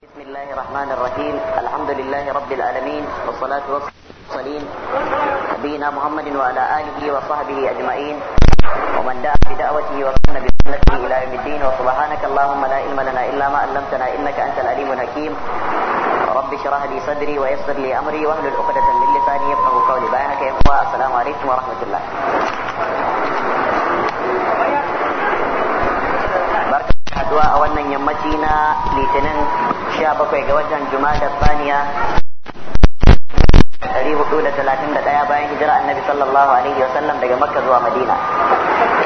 بسم الله الرحمن الرحيم الحمد لله رب العالمين والصلاة والسلام نبينا محمد وعلى آله وصحبه أجمعين ومن دعا بدعوته وسن بسنته إلى يوم الدين وسبحانك اللهم لا علم لنا إلا ما علمتنا إنك أنت العليم الحكيم رب اشرح لي صدري ويسر لي أمري واهلل عقدة من لساني يفقه قولي بيانك يا السلام عليكم ورحمة الله saduwa a wannan yammaci na litinin 17 ga watan jumada saniya 431 bayan hijira annabi sallallahu alaihi wasallam daga makka zuwa madina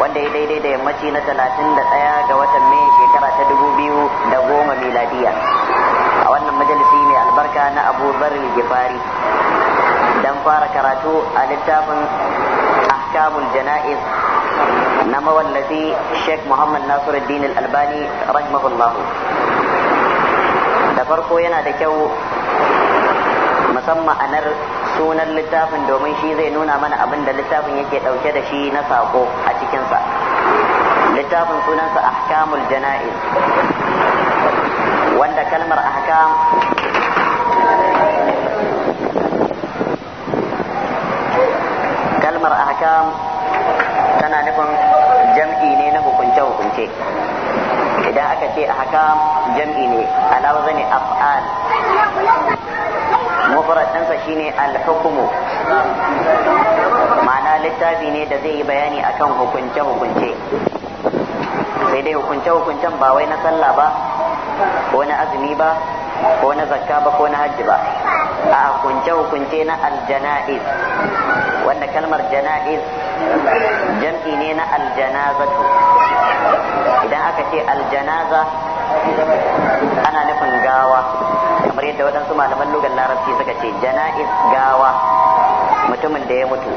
wanda ya daidai da yammaci na 31 ga watan mai shekara ta 2010 miladiya a wannan majalisi mai albarka na abu zarri gifari don fara karatu a littafin ahkamul jana'iz na mawallafi Sheikh Muhammad Nasiruddin Al-Albani rahimahullahu da farko yana da kyau musamman ma'anar sunan littafin domin shi zai nuna mana abin da littafin yake dauke da shi na sako a cikinsa littafin sunansa ahkamul jana'iz wanda kalmar ahkam kalmar ahkam ana nufin jam'i ne na hukunce-hukunce idan aka ce a haka jam'i ne alawa zane af'al mufaradansa shi ne alhukumu ma'ana littafi ne da zai yi bayani akan hukunce-hukunce sai dai hukunce-hukuncen ba wai na sallah ba ko na azumi ba ko na zakka ba ko na hajji ba a hukunce-hukunce na aljana'iz wanda kalmar jana'iz jam'i ne na aljanazatu idan aka ce aljanaza ana nufin gawa kamar yadda waɗansu malaman lugar larabci suka ce jana'iz gawa mutumin da ya mutu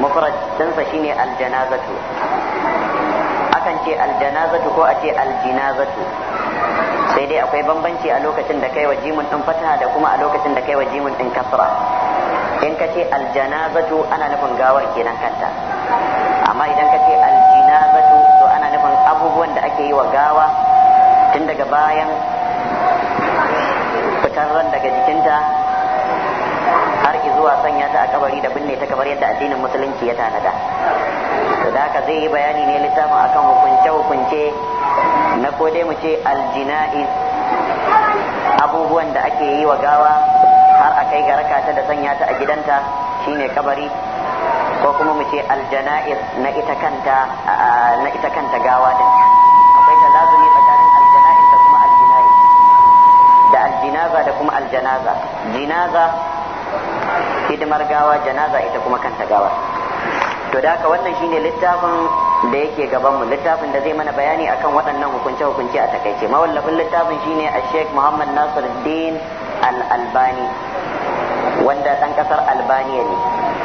mufrad dinsa shine aljanazatu akan ce aljanazatu ko a ce aljinazatu sai dai akwai bambanci a lokacin da kai wa jimin ɗin fata da kuma a lokacin da kai wa jimin ɗin kasra in ka ce aljanazatu ana nufin gawar kenan kanta amma idan ka ce aljinazatu to ana nufin abubuwan da ake yi wa gawa tun daga bayan fitar ran daga jikinta har zuwa sanya ta a kabari da binne ta kabar yadda addinin musulunci ya tanada to da haka zai yi bayani ne littafin akan hukunce hukunce na ko dai mu ce aljina'i abubuwan da ake yi wa gawa har a kai ga raka ta da sanya ta a gidanta shine kabari ko kuma mu ce aljana'ir na ita kanta na ita kanta gawa din akwai lazumi tsakanin aljana'ir da kuma aljina'i da aljinaza da kuma aljanaza jinaza hidimar gawa janaza ita kuma kanta gawa to da haka wannan shine littafin da yake gaban mu littafin da zai mana bayani akan waɗannan hukunce hukunce a takaice mawallafin littafin shine a Sheikh Muhammad Nasiruddin al-albani wanda ɗan ƙasar albaniya ne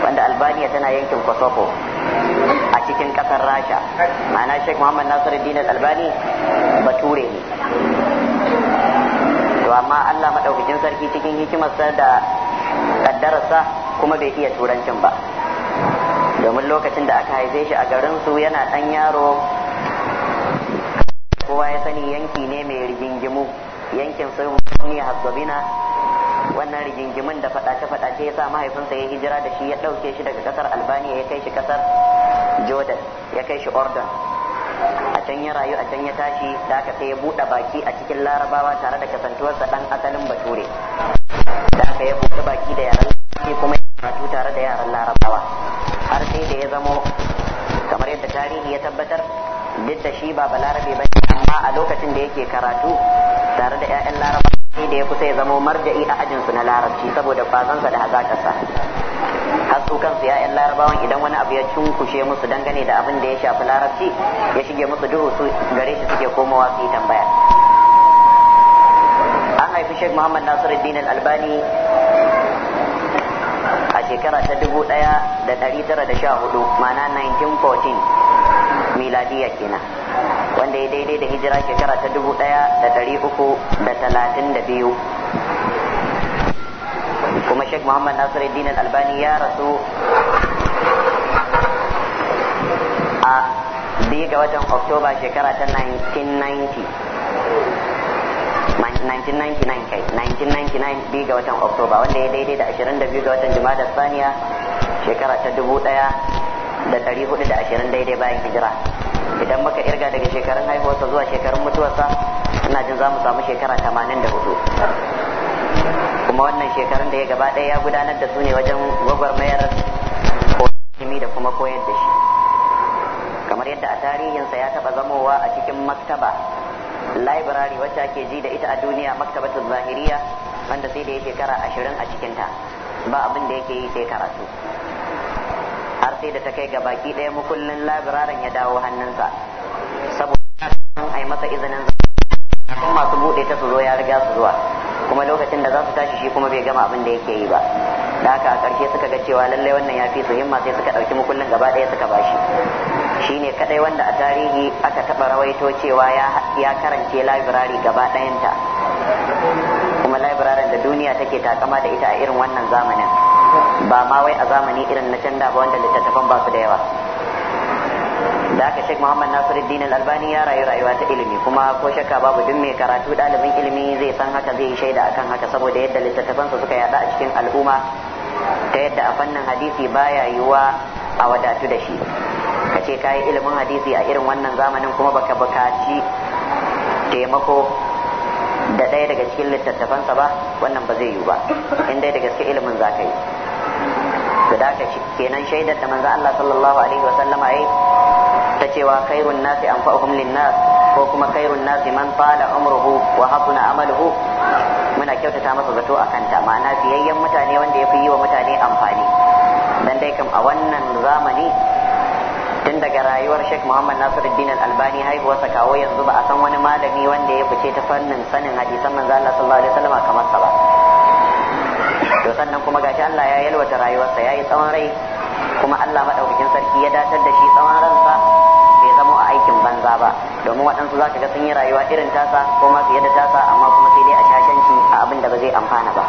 wanda albaniya tana yankin kosovo a cikin ƙasar rasha ma'ana sheikh muhammad nasiruddin albani bature ne to amma allah maɗaukakin sarki cikin hikimarsa da ƙaddararsa kuma bai iya turancin ba domin lokacin da aka haife shi a garin su yana ɗan yaro kowa ya sani yanki ne mai rigingimu yankin sirri hasabina wannan rigingimin da fadace-fadace ya sa mahaifinsa ya hijira da shi ya ɗauke shi daga ƙasar albaniya ya kai shi ƙasar jordan ya kai shi ordon a can ya rayu a can ya tashi da aka sai ya buɗe baki a cikin larabawa tare da kasantuwarsa ɗan asalin bature da aka ya buɗe baki da yaran larabci kuma ya karatu tare da yaran larabawa har sai da ya zamo kamar yadda tarihi ya tabbatar duk da shi ba balarabe ba amma a lokacin da yake karatu tare da 'ya'yan laraba shi da ya kusa ya zamo marja'i a ajinsu na larabci saboda kwazansa da hazaƙarsa har su kansu 'ya'yan larabawan idan wani abu ya cunkushe musu dangane da abin da ya shafi larabci ya shige musu duhu su gare shi suke komawa su yi tambaya an haifi shek muhammad nasiruddin al-albani a shekara ta dubu ɗaya da ɗari tara da sha hudu ma'ana 1914 miladiya kenan wanda ya daidai da hijira shekara ta dubu ɗaya da ɗari uku da talatin da biyu kuma sheikh muhammad nasiruddin albani ya rasu a biyu ga watan oktoba shekara ta 1990 1999 kai 1999 biyu ga watan oktoba wanda ya daidai da 22 ga watan da saniya shekara ta dubu daya da ɗari hudu da ashirin daidai bayan hijira idan muka irga daga shekarun haihuwarsa zuwa shekarun mutuwarsa ina jin za mu samu shekara tamanin da hudu kuma wannan shekarun da ya gaba ɗaya ya gudanar da su ne wajen gwagwarmayar kimi da kuma koyar da shi kamar yadda a tarihinsa ya taɓa zamowa a cikin maktaba library wacce ake ji da ita a duniya maktabatun zahiriya wanda sai da ya shekara ashirin a cikinta ba abin da yake yi sai karatu har sai da ta kai ga baki ɗaya mukullin labirarin ya dawo hannunsa saboda a yi masa izinin kafin masu buɗe ta su zo ya riga su zuwa kuma lokacin da za su tashi shi kuma bai gama abin da yake yi ba da haka a ƙarshe suka ga cewa lallai wannan ya fi su himma sai suka ɗauki mukullin gaba ɗaya suka bashi shi ne kaɗai wanda a tarihi aka taɓa rawaito cewa ya karance labirari gaba ɗayanta kuma labirarin da duniya take takama da ita a irin wannan zamanin ba ma wai a zamani irin na canda ba wanda littattafan ba su da yawa da aka shek Muhammad Nasiruddin Al-Albani ya rayu rayuwa ta ilimi kuma ko shakka babu duk mai karatu ɗalibin ilimi zai san haka zai yi shaida akan haka saboda yadda littattafansa suka yada a cikin al'umma ta yadda a fannin hadisi baya yiwuwa a wadatu da shi ka ce kayi ilimin hadisi a irin wannan zamanin kuma baka bukaci taimako da ɗaya daga cikin littattafansa ba wannan ba zai yiwu ba in dai da gaske ilimin za ka yi to da haka kenan shaidar da manzo Allah sallallahu alaihi wasallama yayi ta cewa khairun nasi anfa'uhum linnas ko kuma khairun nasi man tala umruhu wa hasuna amaluhu muna kyautata masa zato a kanta ma'ana fiyayyen mutane wanda ya fi yi wa mutane amfani dan dai kam a wannan zamani tun daga rayuwar Sheikh Muhammad Nasiruddin Al-Albani haihuwarsa kawo yanzu ba a san wani malami wanda ya fice ta fannin sanin hadisan manzo Allah sallallahu alaihi wasallam kamar sa ba sannan kuma gashi Allah ya yalwata rayuwarsa ya yi tsawon rai kuma Allah maɗaukakin sarki ya datar da shi tsawon ransa bai zamo a aikin banza ba domin waɗansu za ka ga sun yi rayuwa irin tasa ko ma fiye da tasa amma kuma sai dai a shashanci a abin da ba zai amfana ba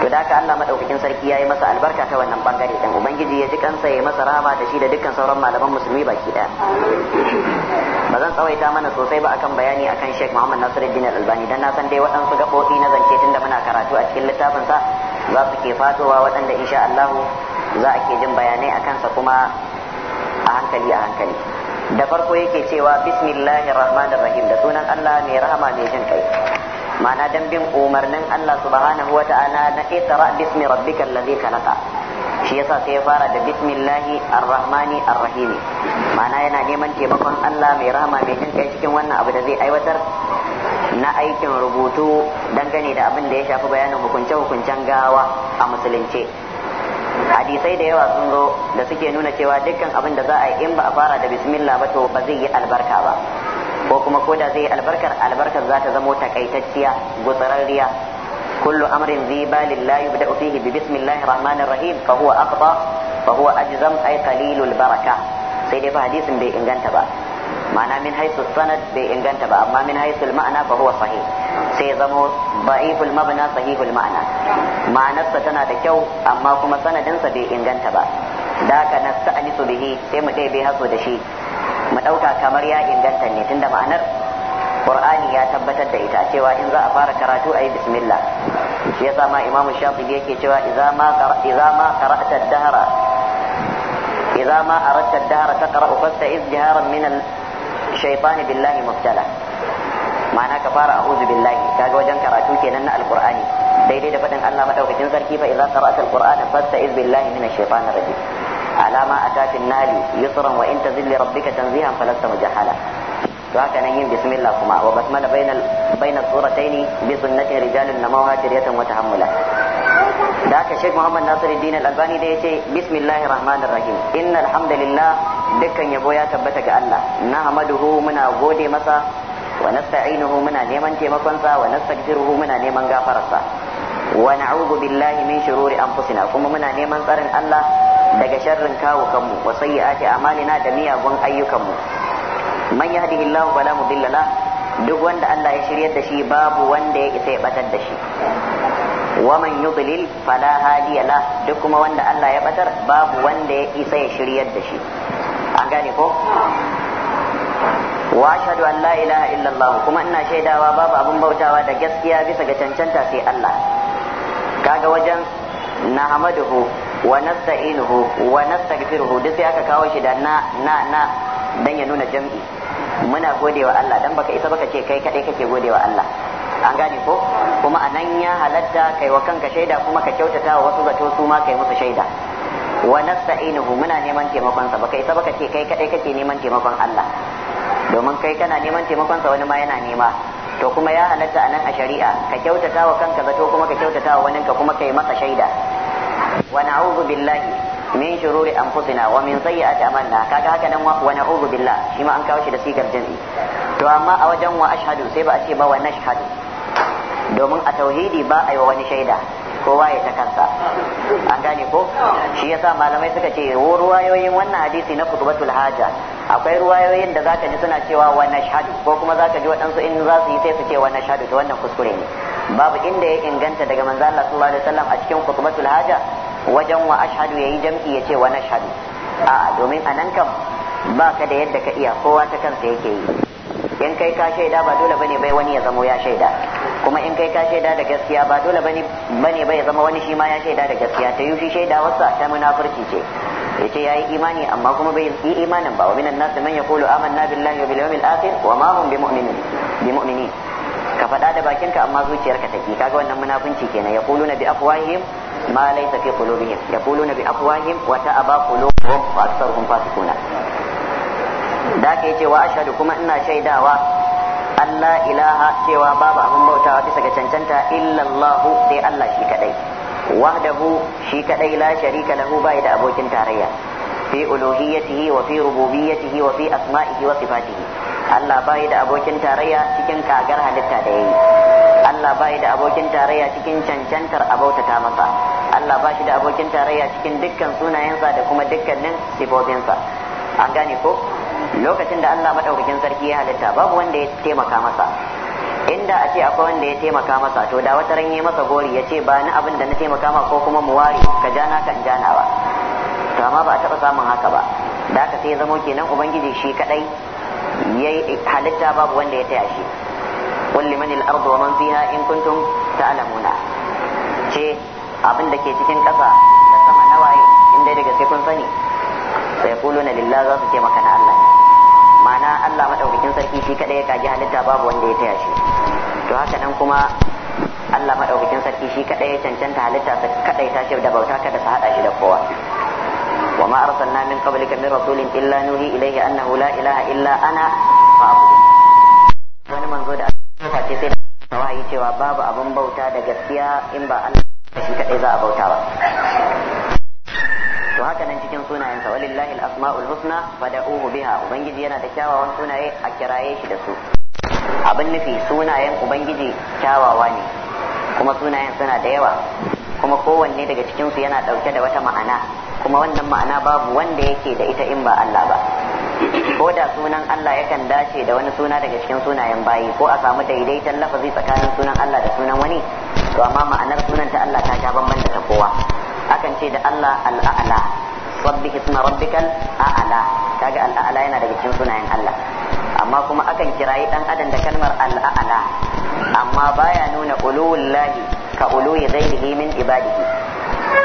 to da haka Allah maɗaukakin sarki ya yi masa albarka ta wannan bangare ɗin ubangiji ya ji kansa ya yi masa rama da shi da dukkan sauran malaman musulmi baki ɗaya. ba zan tsawaita mana sosai ba akan bayani akan Sheikh Muhammad Nasiruddin Al-Albani dan na san dai waɗansu gaɓoɓi na zance tun da muna karatu a cikin littafinsa za su ke fatowa waɗanda insha Allah za a ke jin bayanai a kansa kuma a hankali a hankali da farko yake cewa bismillahi rahmanir rahim da sunan Allah mai rahama mai jin kai ma'ana dan bin umarnin Allah subhanahu wata'ala na iqra bismi rabbikal ladzi khalaqa shi yasa sai ya fara da bismillahi arrahmani arrahim ma'ana yana neman taimakon Allah mai rahama mai jin kai cikin wannan abu da zai aiwatar na aikin rubutu dangane da abin da ya shafi bayanin hukunce-hukuncen gawa a musulunce hadisai da yawa sun zo da suke nuna cewa dukkan abin da za a yi in ba a fara da bismillah ba to ba zai yi albarka ba ko kuma ko da zai yi albarkar albarkar za ta zamo takaitacciya gutsararriya kullu amrin zai ba lillahi da fihi bi bismillahir rahmanir rahim fa huwa aqta fa huwa ajzam ay qalilul baraka sai dai fa hadisin bai inganta ba ma'ana min haisu sanad bai inganta ba amma min haisu ma'ana fa huwa sahih sai ya zamo da'iful mabna sahihul ma'ana ma'anarsa tana da kyau amma kuma sanadinsa bai inganta ba da haka nasta'nisu bihi sai mu ɗebe haso da shi mu ɗauka kamar ya inganta ne tunda ma'anar Qur'ani ya tabbatar da ita cewa in za a fara karatu ayi bismillah shi yasa ma Imam Shafi'i yake cewa idza ma idza ma qara'ta ad-dahra idza ma aradta ad shaifani billahi mubtala ma'ana ka fara a'udhu billahi kaga wajen karatu kenan na alqur'ani daidai da fadin Allah madaukakin sarki fa idza qara'ta alqur'ana fasta'iz billahi minash shaitanir rajim alama atati nali yusran wa anta zilli rabbika tanzihan falasta mujahala to haka nan yin bismillah kuma wa basmala bainal bainal surataini bi sunnati rijalin namawha tiriyatan wa tahammula da aka shek Muhammad Nasiruddin Al-Albani da ya ce bismillahir rahmanir rahim innal hamdalillah dukkan yabo ya tabbata ga Allah nahmaduhu muna gode masa wa nasta'inuhu muna neman taimakon sa wa nastaghfiruhu muna neman gafararsa wa na'udhu billahi min shururi anfusina kuma muna neman tsarin Allah daga sharrin kawo kanmu wa sayyi'ati amalina da miyagun ayyukanmu man yahdihillahu fala billala duk wanda Allah ya shiryar da shi babu wanda ya isa ya batar da shi ومن يضلل فلا hadiya la duk kuma wanda Allah ya batar babu wanda ya isa ya shiryar da shi an gane ko wa ashhadu an la ilaha illallah kuma ina shaidawa babu abun bautawa da gaskiya bisa ga cancanta sai Allah kaga wajen hamaduhu wa nasta'inuhu wa nastaghfiruhu duk sai aka kawo shi da na na na dan ya nuna jam'i muna godewa Allah dan baka isa baka ce kai kadai kake godewa Allah an gane ko kuma anan ya halatta kai wa kanka shaida kuma ka kyautata wa wasu zato su ma kai musu shaida wa nasta'inuhu muna neman taimakon sa baka isa baka ce kai kadai kake neman taimakon Allah domin kai kana neman taimakon sa wani ma yana nema to kuma ya halatta anan a shari'a ka kyautata wa kanka zato kuma ka kyautata wa waninka kuma kai masa shaida wa na'udhu billahi min shururi anfusina wa min sayyiati amalna kaga haka nan wa na'udhu billah shi ma an kawo shi da sigar jami'i to amma a wajen wa ashhadu sai ba a ce ba wa nashhadu domin a tauhidi ba a yi wa wani shaida kowa ya ta kansa an gane ko shi yasa malamai suka ce ruwayoyin wannan hadisi na kutubatul haja akwai ruwayoyin da zaka ji suna cewa wa nashhadu ko kuma zaka ji waɗansu in za su yi sai su ce wa nashhadu to wannan kuskure ne babu inda ya inganta daga manzo Allah sallallahu alaihi wasallam a cikin kutubatul haja wajen wa ya yi jam'i ya ce wa nashhadu a domin a nan kam ba ka da yadda ka iya kowa ta kansa yake yi in kai ka shaida ba dole bane bai wani ya zama ya shaida kuma in kai ka shaida da gaskiya ba dole bane bane bai zama wani shi ma ya shaida da gaskiya ta yi shi shaida wasa ta munafurci ce Ya ce ya yi imani amma kuma bai yi imanin ba wa minan nasu man kulu amanna billahi wa bil yawmil akhir wa ma hum bimu'minin ka faɗa da bakinka amma zuciyarka take kaga wannan munafunci kenan ya kulu na bi afwahihim ma laysa fi qulubihim na bi afwahihim wa ta'aba qulubuhum wa aktsaruhum fasiquna da ka yace wa ashhadu kuma ina shaidawa Allah ilaha cewa babu abin bautawa bisa ga cancanta illallahu sai Allah shi kadai wahdahu shi kadai la sharika lahu bai da abokin tarayya fi uluhiyyatihi wa fi rububiyyatihi wa fi asma'ihi wa sifatihi Allah bai da abokin tarayya cikin kagar halitta da yi Allah bai da abokin tarayya cikin cancantar abautata masa Allah ba shi da abokin tarayya cikin dukkan sunayensa da kuma dukkanin sifofinsa. an gane ko lokacin da Allah maɗaukakin sarki ya halitta babu wanda ya taimaka masa inda a ce akwai wanda ya taimaka masa to da wata ran masa gori ya ce ba ni abin da na taimaka ma ko kuma mu ware ka jana kan janawa to amma ba a taɓa samun haka ba da haka sai ya zamo kenan ubangiji shi kadai yayi halitta babu wanda ya taya shi qul liman al-ardu wa man fiha in kuntum ta'lamuna ce abin da ke cikin ƙasa da sama na in dai daga sai kun sani sai kuluna lillah za su ce maka na Allah ma'ana Allah madaukakin sarki shi kadai ya kaji halitta babu wanda ya taya shi to haka nan kuma Allah madaukakin sarki shi kadai ya cancanta halitta sa kadai ta da bauta kada ta hada shi da kowa Wa وما min من قبلك من رسول إلا نوحي إليه أنه لا illa ana أنا فأعبدون wani manzo da aka ce sai da wahayi cewa babu abin bauta da gaskiya in ba Allah shi kadai za a bauta ba to haka nan cikin sunayensa walillahi al-asma'ul husna fad'uhu biha ubangiji yana da kyawawan sunaye a kiraye shi da su abin nufi sunayen ubangiji kyawawa ne kuma sunayen suna da yawa kuma kowanne daga cikinsu yana ɗauke da wata ma'ana kuma wannan ma'ana babu wanda yake da ita in ba Allah ba ko da sunan Allah yakan dace da wani suna daga cikin sunayen bayi ko a samu daidaiton lafazi tsakanin sunan Allah da sunan wani to amma ma'anar sunan ta Allah ta sha bambanta da kowa akan ce da Allah al'a'la sabbi isma rabbikal a'la kaga al'a'la yana daga cikin sunayen Allah amma kuma akan kirayi dan adam da kalmar al'a'la amma baya nuna uluwullahi ka uluwi ghairihi min ibadihi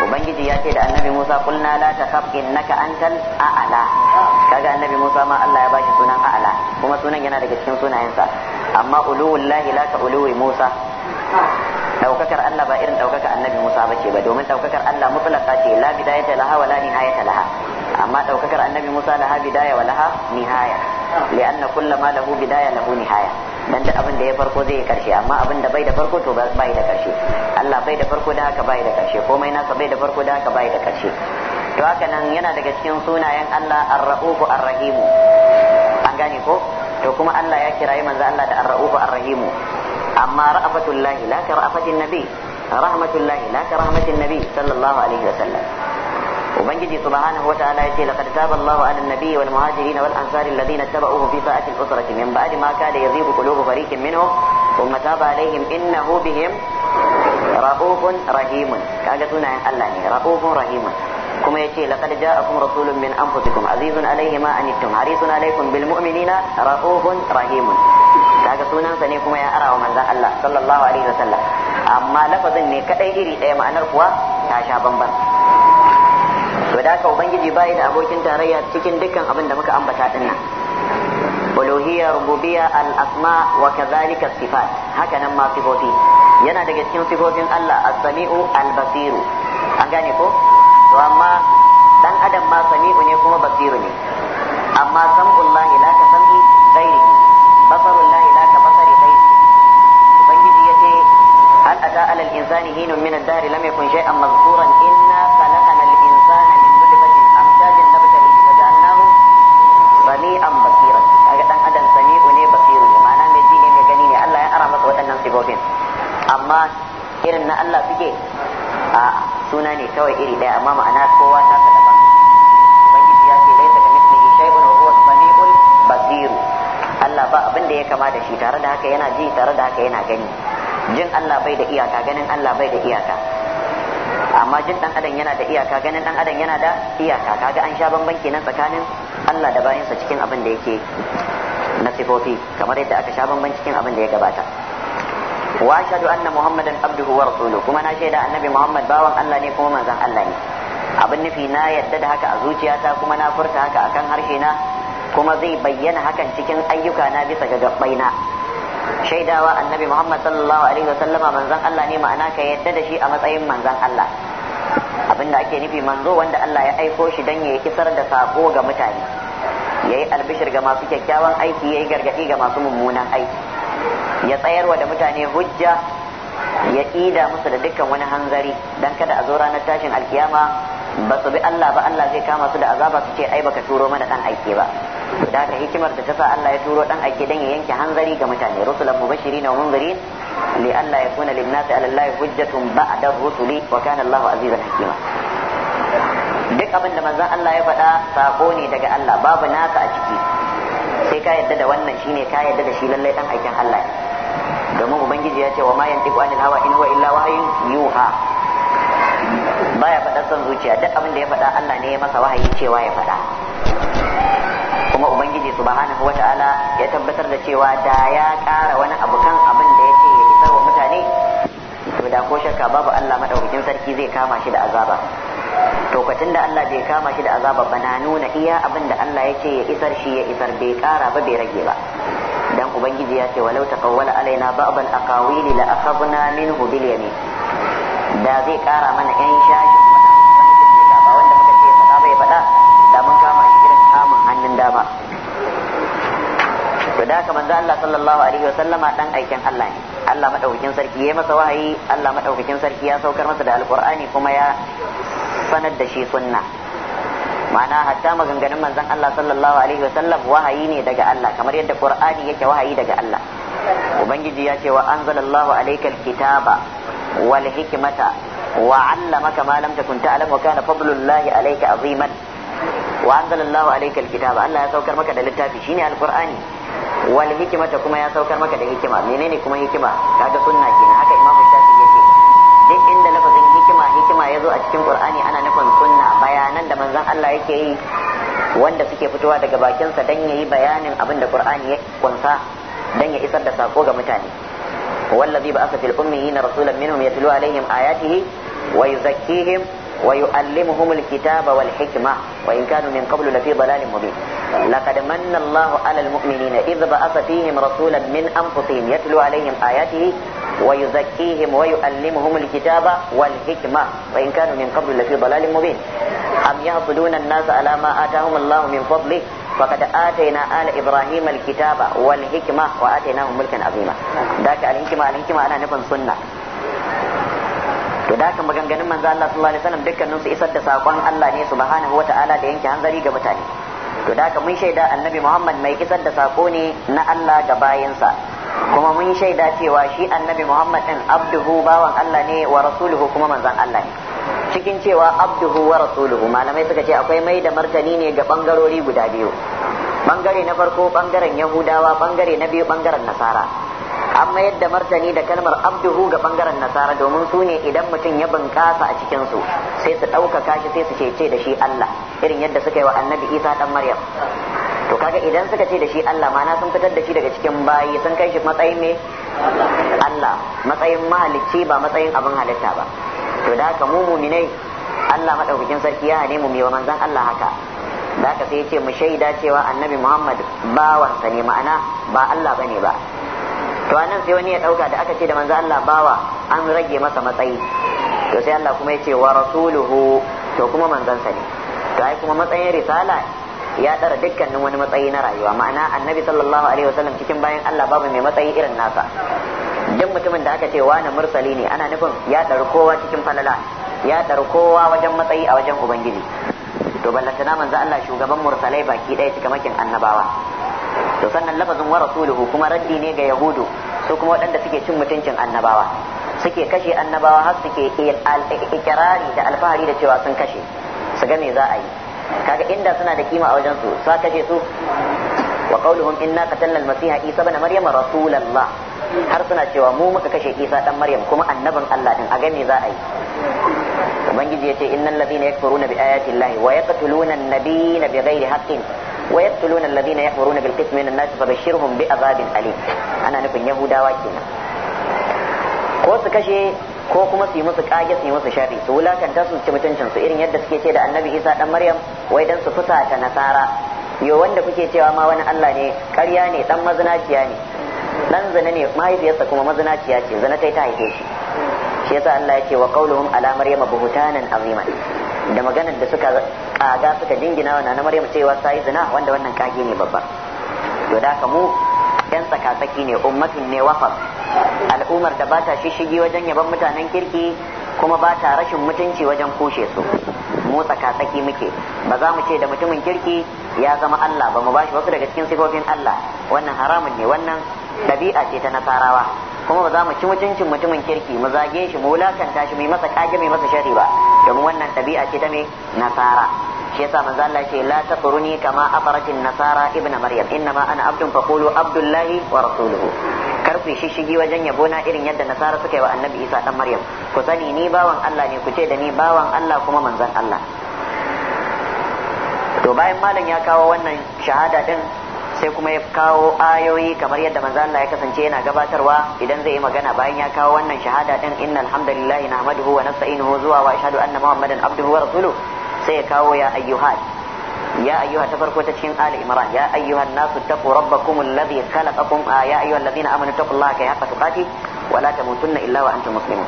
ubangiji ya ce da annabi Musa kulna la takhaf innaka antal a'la kaga annabi Musa ma Allah ya bashi sunan a'la kuma sunan yana daga cikin sunayensa amma uluwullahi la ka uluwi Musa daukakar Allah ba irin daukaka annabi Musa ce ba domin daukakar Allah mutlaka ce la ta laha wa la ta laha amma daukakar annabi Musa laha bidaya wa laha nihaya li'anna kullu ma lahu bidaya lahu nihaya dan da abin da ya farko zai karshe amma abin da bai da farko to bai da karshe Allah bai da farko da haka bai da karshe komai nasa bai da farko da haka bai da karshe to haka nan yana daga cikin sunayen Allah ar-ra'ufu ar-rahimu an gane ko to kuma Allah ya kirayi manzo Allah da ar-ra'ufu ar-rahimu amma ra'afatullahi la ka ra'afatin nabi rahmatullahi la ka rahmatin nabi sallallahu alaihi wa sallam. ubangiji subhanahu wa ta'ala yace laqad taba Allahu 'ala an-nabiy wal muhajirin wal ansar alladhina tabauhu fi sa'ati al-usrati min ba'di ma kada yadhibu qulubu fariqin minhum thumma 'alayhim innahu bihim ra'ufun rahimun kaga sunayen Allah ne ra'ufun rahimun kuma yace laqad ja'akum rasulun min anfusikum azizun 'alayhi ma anittum harisun 'alaykum rahimun ne kuma ya arawa manzon Allah sallallahu alaihi wasallam amma lafazin ne kadai iri ɗaya ma'anar kuwa ta sha bamban to da haka ubangiji bai da abokin tarayya cikin dukkan abin da muka ambata din nan uluhiyya rububiyya al-asma wa kadhalika sifat haka nan ma sifofi yana daga cikin sifofin Allah as-sami'u al-basiru an gane ko to amma dan adam ma sami'u ne kuma basiru ne amma sam'ullahi la ka sam'i ghairihi basarullahi la ka basari ghairihi ubangiji yace hal ata alal insani hinun min ad-dahr lam yakun shay'an mazkuran na Allah suke a suna ne kawai iri daya amma ma'ana kowa ta kada ba ubangiji ya ce laisa ka mithlihi shay'un wa huwa samiul basir Allah ba abin da ya kama da shi tare da haka yana ji tare da haka yana gani jin Allah bai da iyaka ganin Allah bai da iyaka amma jin dan adam yana da iyaka ganin dan adam yana da iyaka kaga an sha bamban kenan tsakanin Allah da bayinsa cikin abin da yake na sifofi kamar yadda aka sha bamban cikin abin da ya gabata wa ashhadu anna muhammadan abduhu wa rasuluhu kuma na shaida annabi muhammad bawan Allah ne kuma manzon Allah ne abin nufi na yadda da haka a zuciyata kuma na furta haka akan harshe na kuma zai bayyana hakan cikin ayyuka na bisa ga gabbai na shaidawa annabi muhammad sallallahu alaihi sallama manzon Allah ne ma'ana ka yadda da shi a matsayin manzon Allah abinda ake nufi manzo wanda Allah ya aiko shi dan ya kisar da sako ga mutane yayi albishir ga masu kyakkyawan aiki yayi gargadi ga masu mummunan aiki ya tsayarwa da mutane hujja ya ida musu da dukkan wani hanzari dan kada a zo ranar tashin alkiyama ba su bi Allah ba Allah zai kama su da azaba su ce ai baka turo mana dan aike ba da ta hikimar da ta sa Allah ya turo dan aike dan ya yanke hanzari ga mutane rusulan mubashirin wa munzirin li Allah yakuna lin nasi ala Allah hujjatun ba'da rusuli wa kana Allah azizan hakima duk abin da manzon Allah ya faɗa sako ne daga Allah babu nasa a ciki sai ka yadda da wannan shine ka yadda da shi lallai dan aikin Allah domin ubangiji ya ce wa ma yantiqu anil hawa in huwa illa wahyun yuha baya faɗa son zuciya duk abin da ya faɗa Allah ne ya masa wahayi cewa ya faɗa kuma ubangiji subhanahu wata'ala ya tabbatar da cewa da ya ƙara wani abu kan abin ta'ala ko shakka babu Allah madaukakin sarki zai kama shi da azaba lokacin da Allah bai kama shi da azaba ba na nuna iya abin da Allah ya ce ya isar shi ya isar bai kara ba bai rage ba dan ubangiji ya ce walau taqawwala alaina ba'dal aqawili la akhadna minhu bil yamin da zai kara mana yan shashin wannan ba wanda muka ce faɗa bai faɗa da mun kama shi irin kamun hannun dama to da haka manzo Allah sallallahu alaihi wasallama dan aikin Allah ne Allah madaukakin sarki ya masa wahayi Allah madaukakin sarki ya saukar masa da alqur'ani kuma ya sanar da shi sunna ma'ana hatta maganganun manzon Allah sallallahu alaihi wasallam wahayi ne daga Allah kamar yadda qur'ani yake wahayi daga Allah ubangiji ya ce wa anzalallahu alaykal kitaba wal hikmata wa 'allamaka ma lam takun ta'lam wa kana fadlullahi alayka aziman wa anzalallahu alaykal kitaba Allah ya saukar maka da littafi shine alqur'ani wani hikimata kuma ya saukar maka da hikima menene kuma hikima kaga sunna kenan haka imamu shafi yake duk inda lafazin hikima hikima ya zo a cikin qur'ani ana nufin sunna bayanan da manzon Allah yake yi wanda suke fitowa daga bakin sa dan yayi bayanin abin da qur'ani ya kunsa dan ya isar da sako ga mutane wallazi ba'atha fil ummiyina rasulan minhum yatlu alaihim ayatihi wa yuzakkihim ويعلمهم الكتاب والحكمة وإن كانوا من قبل لفي ضلال مبين لقد من الله على المؤمنين إذ بعث فيهم رسولا من أنفسهم يتلو عليهم آياته ويزكيهم ويعلمهم الكتاب والحكمة وإن كانوا من قبل لفي ضلال مبين أم يحصدون الناس على ما آتاهم الله من فضله فقد آتينا آل إبراهيم الكتاب والحكمة وآتيناهم ملكا عظيما ذاك الحكمة الحكمة أنا نفن سنة to da haka maganganun manzo Allah sallallahu alaihi wasallam dukkanin su isar da sakon Allah ne subhanahu wataala da yanke hanzari ga mutane to da haka mun shaida annabi Muhammad mai isar da sako ne na Allah ga bayansa kuma mun shaida cewa shi annabi Muhammad din abduhu bawan Allah ne wa rasuluhu kuma manzan Allah ne cikin cewa abduhu wa rasuluhu malamai suka ce akwai mai da martani ne ga bangarori guda biyu bangare na farko bangaren yahudawa bangare na biyu bangaren nasara an mayar da martani da kalmar abduhu ga bangaren nasara domin su ne idan mutum ya bunkasa a cikinsu sai su ɗaukaka shi sai su cece da shi Allah irin yadda suka yi wa annabi isa dan maryam to kaga idan suka ce da shi Allah mana sun fitar da shi daga cikin bayi sun kai shi matsayin me Allah matsayin mahalicci ba matsayin abin halitta ba to da haka mu muminai Allah madaukakin sarki ya hane mu mai wa manzon Allah haka da haka sai ya ce mu shaida cewa annabi Muhammad bawansa ne ma'ana ba Allah bane ba to anan sai wani ya dauka da aka ce da manzo Allah bawa an rage masa matsayi to sai Allah kuma ya ce wa rasuluhu to kuma manzansa ne to ai kuma matsayin risala ya dara dukkanin wani matsayi na rayuwa ma'ana annabi sallallahu alaihi wasallam cikin bayan Allah babu mai matsayi irin nasa duk mutumin da aka ce wa wani mursali ne ana nufin ya ɗari kowa cikin falala ya ɗari kowa wajen matsayi a wajen ubangiji to na manzo Allah shugaban mursalai baki ɗaya makin annabawa to sannan lafazin wa rasuluhu kuma raddi ne ga yahudu su kuma waɗanda suke cin mutuncin annabawa suke kashe annabawa har suke ikirari da alfahari da cewa sun kashe su ga me za a yi kaga inda suna da kima a wajen su sa kashe su wa qauluhum inna qatalna al-masiha isa ibn maryam rasulallah har suna cewa mu muka kashe isa dan maryam kuma annabin Allah din a ga me za a yi ubangiji yace innal ladina yakfuruna bi ayati llahi wa yaqtuluna an-nabiyina bighairi haqqin wa yaqtuluna alladhina ya'muruna bil qismi min an-nas fabashshirhum bi azabin alim ana nufin yahudawa kenan ko su kashe ko kuma su yi musu kage su yi musu sharri su wulakanta su ci mutuncin su irin yadda suke ce da annabi isa dan maryam wai dan su fusata ta nasara yo wanda kuke cewa ma wani Allah ne ƙarya ne dan mazinaciya ne dan zina ne mahaifiyarsa kuma mazinaciya ce zina kai ta haife shi shi yasa Allah ya ce wa qauluhum ala maryama buhutanan aziman da maganar da suka kaga suka dingina wa na maryama cewa sai zina wanda wannan kage ne babba to da ka mu yan tsakatsaki ne ummatin ne wafaq al'ummar da bata ta shishigi wajen yaban mutanen kirki kuma bata rashin mutunci wajen kushe su mu tsaka tsaki muke ba za mu ce da mutumin kirki ya zama Allah ba mu bashi wasu daga cikin sifofin Allah wannan haramun ne wannan ɗabi'a ce ta nasarawa kuma ba za mu ci mutuncin mutumin kirki mu zage shi mu wulakanta shi mu masa kage mai masa shari ba domin wannan ɗabi'a ce ta mai nasara shi yasa manzo Allah ce la taquruni kama afaratin nasara ibnu maryam inna ma ana abdun faqulu abdullahi wa rasuluhu karfe shishigi wajen yabo na irin yadda nasara suka yi wa annabi isa dan maryam ku sani ni bawan allah ne ku ce da ni bawan allah kuma manzan allah to bayan malam ya kawo wannan shahada din sai kuma ya kawo ayoyi kamar yadda manzan Allah ya kasance yana gabatarwa idan zai yi magana bayan ya kawo wannan shahada din innal hamdalillahi nahmaduhu wa nasta'inuhu zuwa wa ashhadu anna muhammadan abduhu wa rasuluhu sai ya kawo ya ayyuhat يا أيها تفرقوا تشين آل إمران يا أيها الناس اتقوا ربكم الذي خلقكم آه يا أيها الذين آمنوا اتقوا الله كي حق تقاته ولا تموتن إلا وأنتم مسلمون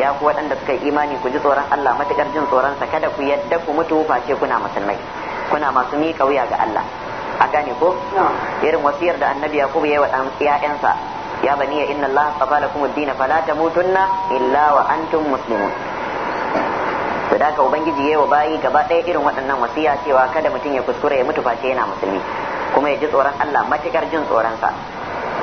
يا قوة عندك إيماني كجي صورا الله ما تكرجن صورا سكدك يدك متو فاشي كنا مسلمين كنا مسلمين كويا الله أغاني كو يرم وسير دا النبي يقوب يا أنسى يا بني إن الله اصطفى لكم الدين فلا تموتن إلا وأنتم مسلمون da haka ubangiji yayi wa bayi gaba ɗaya irin waɗannan wasiya cewa kada mutum ya kuskure ya mutu face yana musulmi kuma ya ji tsoron Allah matukar jin tsoron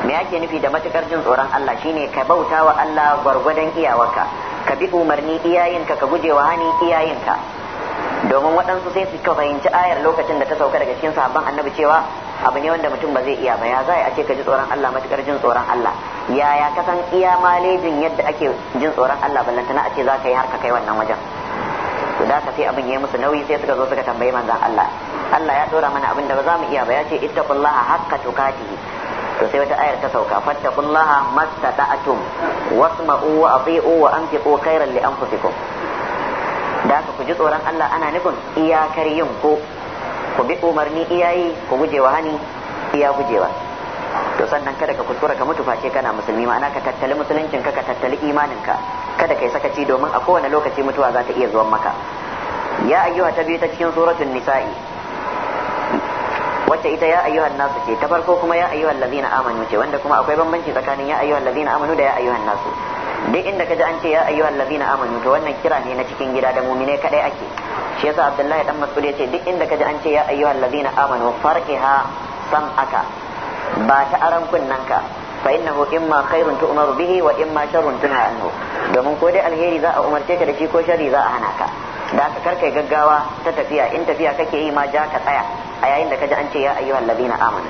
me yake nufi da matukar jin tsoron Allah shine ka bauta wa Allah gwargwadon iyawarka ka bi umarni iyayenka ka guje wa hani iyayenka domin waɗansu sai su fahimci ayar lokacin da ta sauka daga cikin sahabban annabi cewa abu ne wanda mutum ba zai iya ba ya za a ce ka ji tsoron Allah matukar jin tsoron Allah yaya ka san iya malejin yadda ake jin tsoron Allah ballantana a ce za ka yi har ka kai wannan wajen to da ka sai abin yayi musu nauyi sai suka zo suka tambayi manzan Allah Allah ya dora mana abin da ba za mu iya ba ya ce ittaqullaha haqqa tuqatih to sai wata ayar ta sauka fattaqullaha mastata'tum wasma'u wa athi'u wa anfiqu khairan li anfusikum da ku ji tsoron Allah ana nufin iyakar yin ko ku bi umarni iyayi ku gujewa hani iya gujewa to sannan kada ka kuskura ka mutu face kana musulmi ma'ana ka tattali musuluncin ka ka tattali imanin ka kada kai sakaci domin a kowane lokaci mutuwa za ta iya zuwan maka ya ayyuha ta biyu ta cikin suratul nisa'i wacce ita ya ayyuhan nasu ce ta farko kuma ya ayyuhan ladina amanu ce wanda kuma akwai bambanci tsakanin ya ayyuhan ladina amanu da ya ayyuhan nasu duk inda kaji an ce ya ayyuhan ladina amanu to wannan kira ne na cikin gida da mumine kadai ake shi yasa abdullahi dan mas'ud ce duk inda kaji an ce ya ayyuhan ladina amanu farqiha aka. ba ta aran kunnen ka fa innahu imma khairun tu'maru bihi wa imma sharrun tunha anhu domin ko dai alheri za a umarce ka da shi ko sharri za a hana ka da ka karkai gaggawa ta tafiya in tafiya kake yi ma ja ka tsaya a yayin da ka ji an ce ya ayyuhal ladina amanu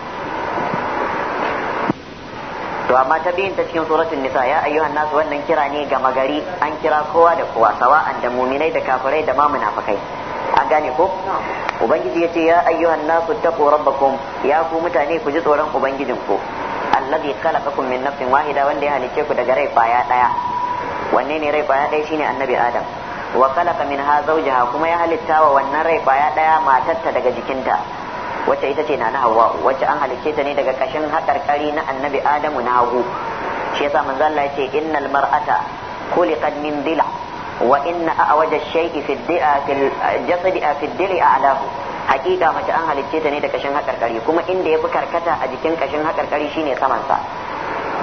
to amma ta biyin ta cikin suratul nisa ya ayyuhan nasu wannan kira ne ga magari an kira kowa da kowa sawa'an da muminai da kafirai da ma munafikai an gane ko ubangiji ya ce ya ayyuhan nasu taqu rabbakum ya ku mutane ku ji tsoron ubangijinku allazi khalaqakum min nafsin wahida wanda ya halice ku daga rai baya daya wanne ne rai baya daya shine annabi adam wa khalaqa minha zawjaha kuma ya halitta wa wannan rai baya daya matarta daga jikinta wacce ita ce na na hawa wacce an halicce ta ne daga kashin haƙarƙari na annabi adamu na hagu shi yasa manzo Allah ya ce innal mar'ata khuliqat min dila' wa inna a'waj ash-shay'i fi ad-di'a fil a'lahu hakika mace an halicce ta ne da kashin hakarkari kuma inda fi karkata a jikin kashin hakarkari shine saman sa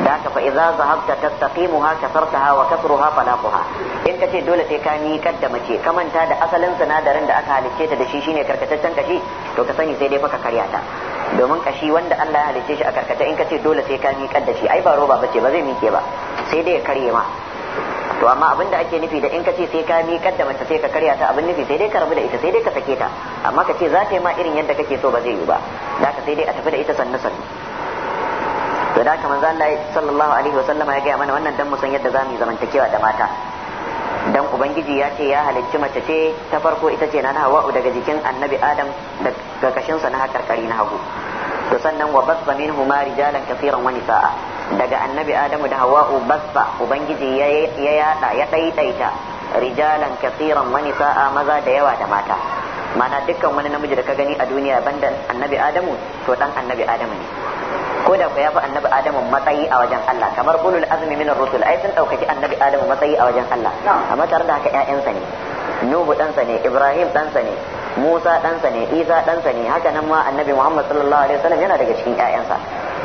da haka fa idza zahabta tastaqimuha kasartaha wa kasruha falaquha in kace dole sai ka miƙar da mace ka manta da asalin sinadarin da aka halicce ta da shi shine karkataccen kashi to ka sani sai dai fa ka karya ta domin kashi wanda Allah ya halicce shi a karkata in kace dole sai ka miƙar da shi ai ba roba bace ba zai miƙe ba sai dai ya karye ma to amma abin da ake nufi da in ka sai ka ni da mace sai ka karya ta abin nufi sai dai ka rabu da ita sai dai ka sake ta amma ka ce za ta yi ma irin yadda kake so ba zai yi ba da ka sai dai a tafi da ita sannu sannu to da haka manzo Allah sallallahu alaihi wa sallama ya gaya mana wannan dan mu san yadda zamu yi zamantakewa da mata dan ubangiji ya ce ya halicci mace ce ta farko ita ce na hawa'u daga jikin annabi adam daga sa na hakarkari na hagu to sannan wa basta minhuma rijalan kafiran wani sa'a daga annabi adamu da hawa'u basta ubangiji ya yada ya daidaita rijalan kafiran wani sa'a maza da yawa da mata mana dukkan wani namiji da ka gani a duniya banda annabi adamu to dan annabi adamu ne ko da ku ya fi annabi adamu matsayi a wajen Allah kamar ulul azmi minar rusul ai sun daukaki annabi adamu matsayi a wajen Allah amma tare da haka ƴaƴansa ne nuhu ɗansa ne ibrahim ɗansa ne musa ɗansa ne isa ɗansa ne haka nan ma annabi muhammad sallallahu alaihi wasallam yana daga cikin ƴaƴansa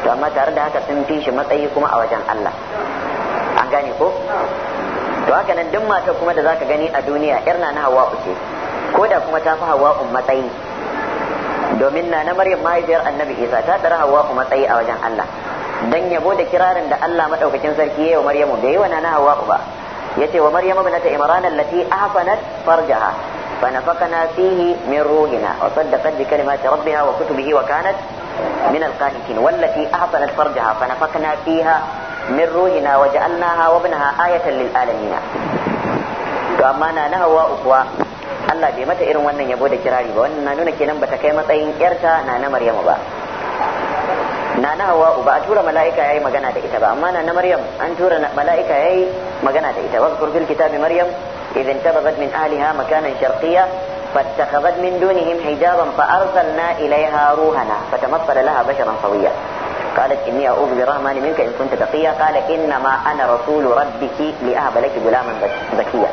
to amma tare da haka sun fi shi matsayi kuma a wajen Allah an gane ko to haka nan duk matar kuma da zaka gani a duniya irna na hawa'u ce ko da kuma ta fi hawa'u matsayi domin na na maryam mahaifiyar annabi isa ta dara hawa ku matsayi a wajen Allah dan yabo da kirarin da Allah madaukakin sarki ya yayi wa maryamu bai yi wa na hawa ba ya ce wa maryamu binata imran allati ahsanat farjaha fa nafakana fihi min ruhina wa saddaqat bi kalimati rabbiha wa kutubihi wa kanat min alqanitin wallati ahsanat farjaha fa nafakana fiha min ruhina wa ja'alnaha wa ibnaha ayatan lil alamin to amma na na hawa ukuwa. Allah bai mata irin wannan yabo da kirari ba wannan na nuna kenan bata kai matsayin yarta na na Maryamu ba na na Hawwa ba a tura mala'ika yayi magana da ita ba amma na na Maryam an tura mala'ika yayi magana da ita wa kurfil kitabi Maryam idan intabazat min ahliha makanan sharqiyya فاتخذت من دونهم حجابا فأرسلنا إليها روحنا فتمثل لها بشرا سويا قالت إني أعوذ بالرحمن منك إن كنت تقيا قال إنما أنا رسول ربك لأهب لك غلاما زكيا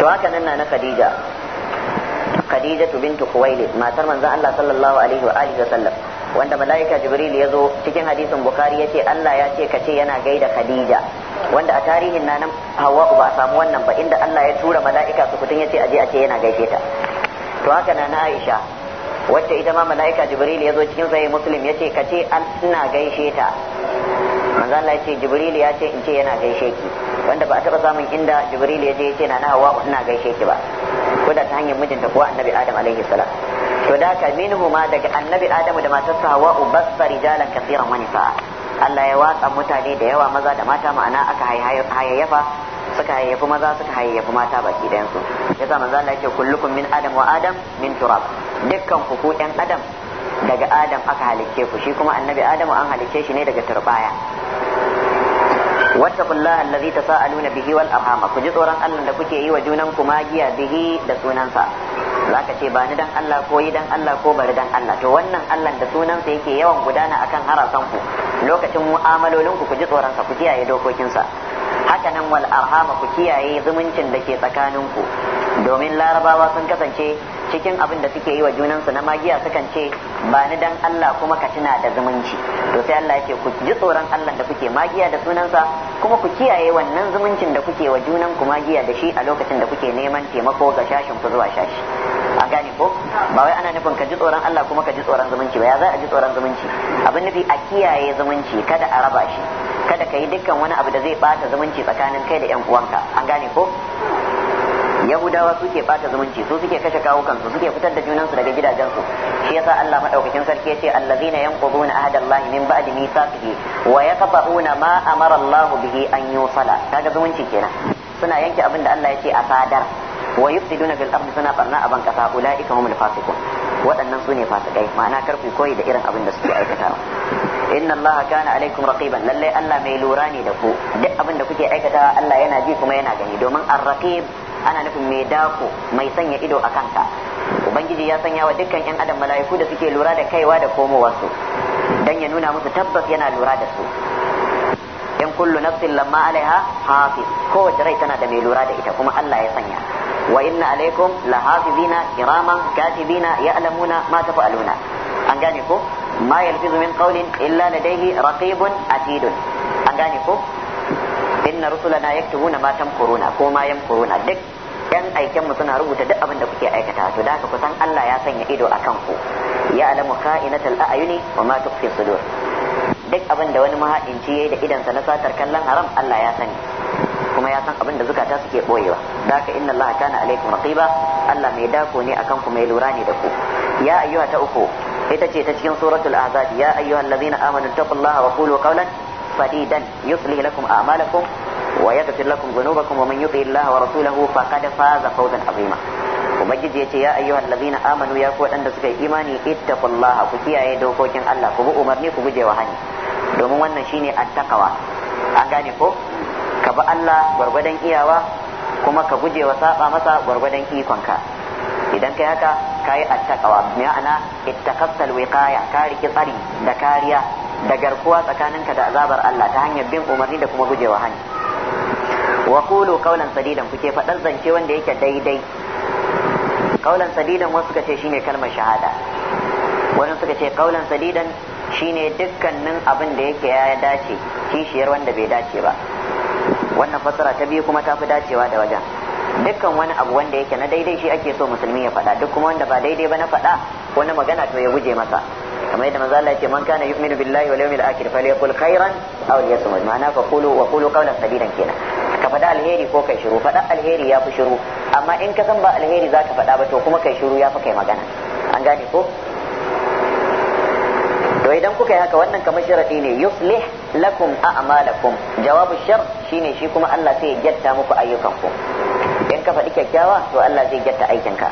to haka nan na na Khadija Khadija bintu Khuwailid matar manzon Allah sallallahu alaihi wa alihi wasallam wanda malaika Jibril ya zo cikin hadisin Bukhari yace Allah ya ce kace yana gaida Khadija wanda a tarihin na nan Hawwa ba a samu wannan ba inda Allah ya tura malaika su kutun yace aje a ce yana gaishe ta to haka na Aisha wacce ita ma malaika Jibril ya zo cikin sahih Muslim yace kace an ina gaishe ta manzo Allah ya ce jibril ya ce in ce yana gaishe ki wanda ba a taba samun inda jibril ya je ya ce na hawa ina gaishe ki ba ko da ta hanyar mijinta ko annabi adam alaihi salam to da ka minhu ma daga annabi adam da matarsa hawa ubassa rijalan kaseeran wa nisaa Allah ya watsa mutane da yawa maza da mata ma'ana aka hayayyafa suka hayayyafi maza suka hayayyafi mata baki dayan su yasa manzo Allah ya ce kullukum min adam wa adam min turab dukkan ku ku ɗan adam daga adam aka halicce ku shi kuma annabi adamu an halicce shi ne daga turbaya wata kullaha allazi aluna bihi wal arhama ku ji tsoron Allah da kuke yi wa junan ku magiya bihi da sunansa zaka ce ba ni dan Allah ko yi dan Allah ko bari dan Allah to wannan Allah da sunansa yake yawan gudana akan harasan ku lokacin mu'amalolin ku ku ji tsoron sa ku kiyaye dokokin sa hakanan nan wal arhama ku kiyaye zumuncin da ke tsakanin ku domin larabawa sun kasance cikin abin da suke yi wa junansu na magiya sukan ce ba ni dan Allah kuma ka tuna da zumunci to sai Allah ya ce ku ji tsoron Allah da kuke magiya da sunansa kuma ku kiyaye wannan zumuncin da kuke wa junan ku magiya da shi a lokacin da kuke neman taimako ga shashin ku zuwa shashi an gane ko ba wai ana nufin ka ji tsoron Allah kuma ka ji tsoron zumunci ba ya za a ji tsoron zumunci abin nufi a kiyaye zumunci kada a raba shi kada ka yi dukkan wani abu da zai bata zumunci zumunci tsakanin kai da yan uwanka an gane ko yahudawa suke bata zumunci su suke kashe kawo kansu suke fitar da junansu daga gidajensu shi yasa Allah madaukakin sarki yace allazina yanquduna ahadallahi min ba'di mithaqihi wa yaqta'una ma amara Allah bihi an yusala kaga zumunci kenan suna yanke abin da Allah yace a sadar wa yufsiduna bil ardi suna barna a ban kasa ulaika humul fasiqun waɗannan su ne fasikai ma'ana karfi koyi da irin abin da suke aikatawa inna Allah kana alaikum raqiban lalle Allah mai lura ne da ku duk abin da kuke aikatawa Allah yana ji kuma yana gani domin ar-raqib ana nufin mai dako mai sanya ido a kanka ubangiji ya sanya wa dukkan yan adam mala'iku da suke lura da kaiwa da su dan ya nuna musu tabbas yana lura da su in kullu nafsin lamma alaiha kowace rai tana da mai lura da ita kuma Allah ya sanya wa inna alaikum lahafizina kiraman katibina ya'lamuna ma tafa'aluna an gane ko ma yalfizu min qawlin illa ladayhi raqibun atid an gane ko inna rusulana yaktubuna ma tamkuruna ko ma yamkuruna duk yan aiken mu suna rubuta duk abin da kuke aikata to da ka kusan Allah ya sanya ido kan ku ya alamu ka'inatal a'yuni wa ma tukfi sudur duk abin da wani mahadinci yayi da idan sa na satar kallon haram Allah ya sani kuma ya san abin da zukata suke boyewa da ka inna Allah kana alaikum raqiba Allah mai dako ne akan ku mai lura ne da ku ya ayyuha ta uku ita ce ta cikin suratul ahzab ya ayyuhal ladina amanu taqullaha wa qulu qawlan sadidan yuslih lakum a'malakum wa yaghfir lakum dhunubakum wa man yuti wa rasulahu faqad faza fawzan azima ubangiji yace ya ayyuhal ladina amanu ya ku wadanda suka yi imani ittaqullaha ku kiyaye dokokin Allah ku bi umarni ku guje wa hani domin wannan shine attaqwa an gane ko ka bi Allah gwargwadon iyawa kuma ka guje wa saba masa gwargwadon ikonka idan kai haka kai attaqwa ma'ana ittaqatta alwiqaya ka riki tsari da kariya da garkuwa tsakaninka da azabar Allah ta hanyar bin umarni da kuma gujewa hani wa qulu qawlan sadidan kuke fadar zance wanda yake daidai qawlan sadidan wasu suka ce shine kalmar shahada wani suka ce qawlan sadidan shine dukkanin abin da yake ya dace kishiyar wanda bai dace ba wannan fasara ta biyu kuma ta fi dacewa da wajen dukkan wani abu wanda yake na daidai shi ake so musulmi ya faɗa duk kuma wanda ba daidai ba na faɗa ko na magana to ya guje masa kamar yadda manzo Allah ya ce man kana yu'minu billahi wal yawmil akhir falyaqul khairan aw liyasmut ma'ana fa qulu wa qulu qawlan sadidan kenan ka faɗa alheri ko kai shiru faɗa alheri ya fi shiru amma in ka san ba alheri zaka faɗa ba to kuma kai shiru ya fi kai magana an gane ko to idan kuka yi haka wannan kamar sharadi ne yuslih lakum a'malakum jawabu shar shine shi kuma Allah sai ya jatta muku ayyukanku in ka faɗi kyakkyawa to Allah zai jatta aikinka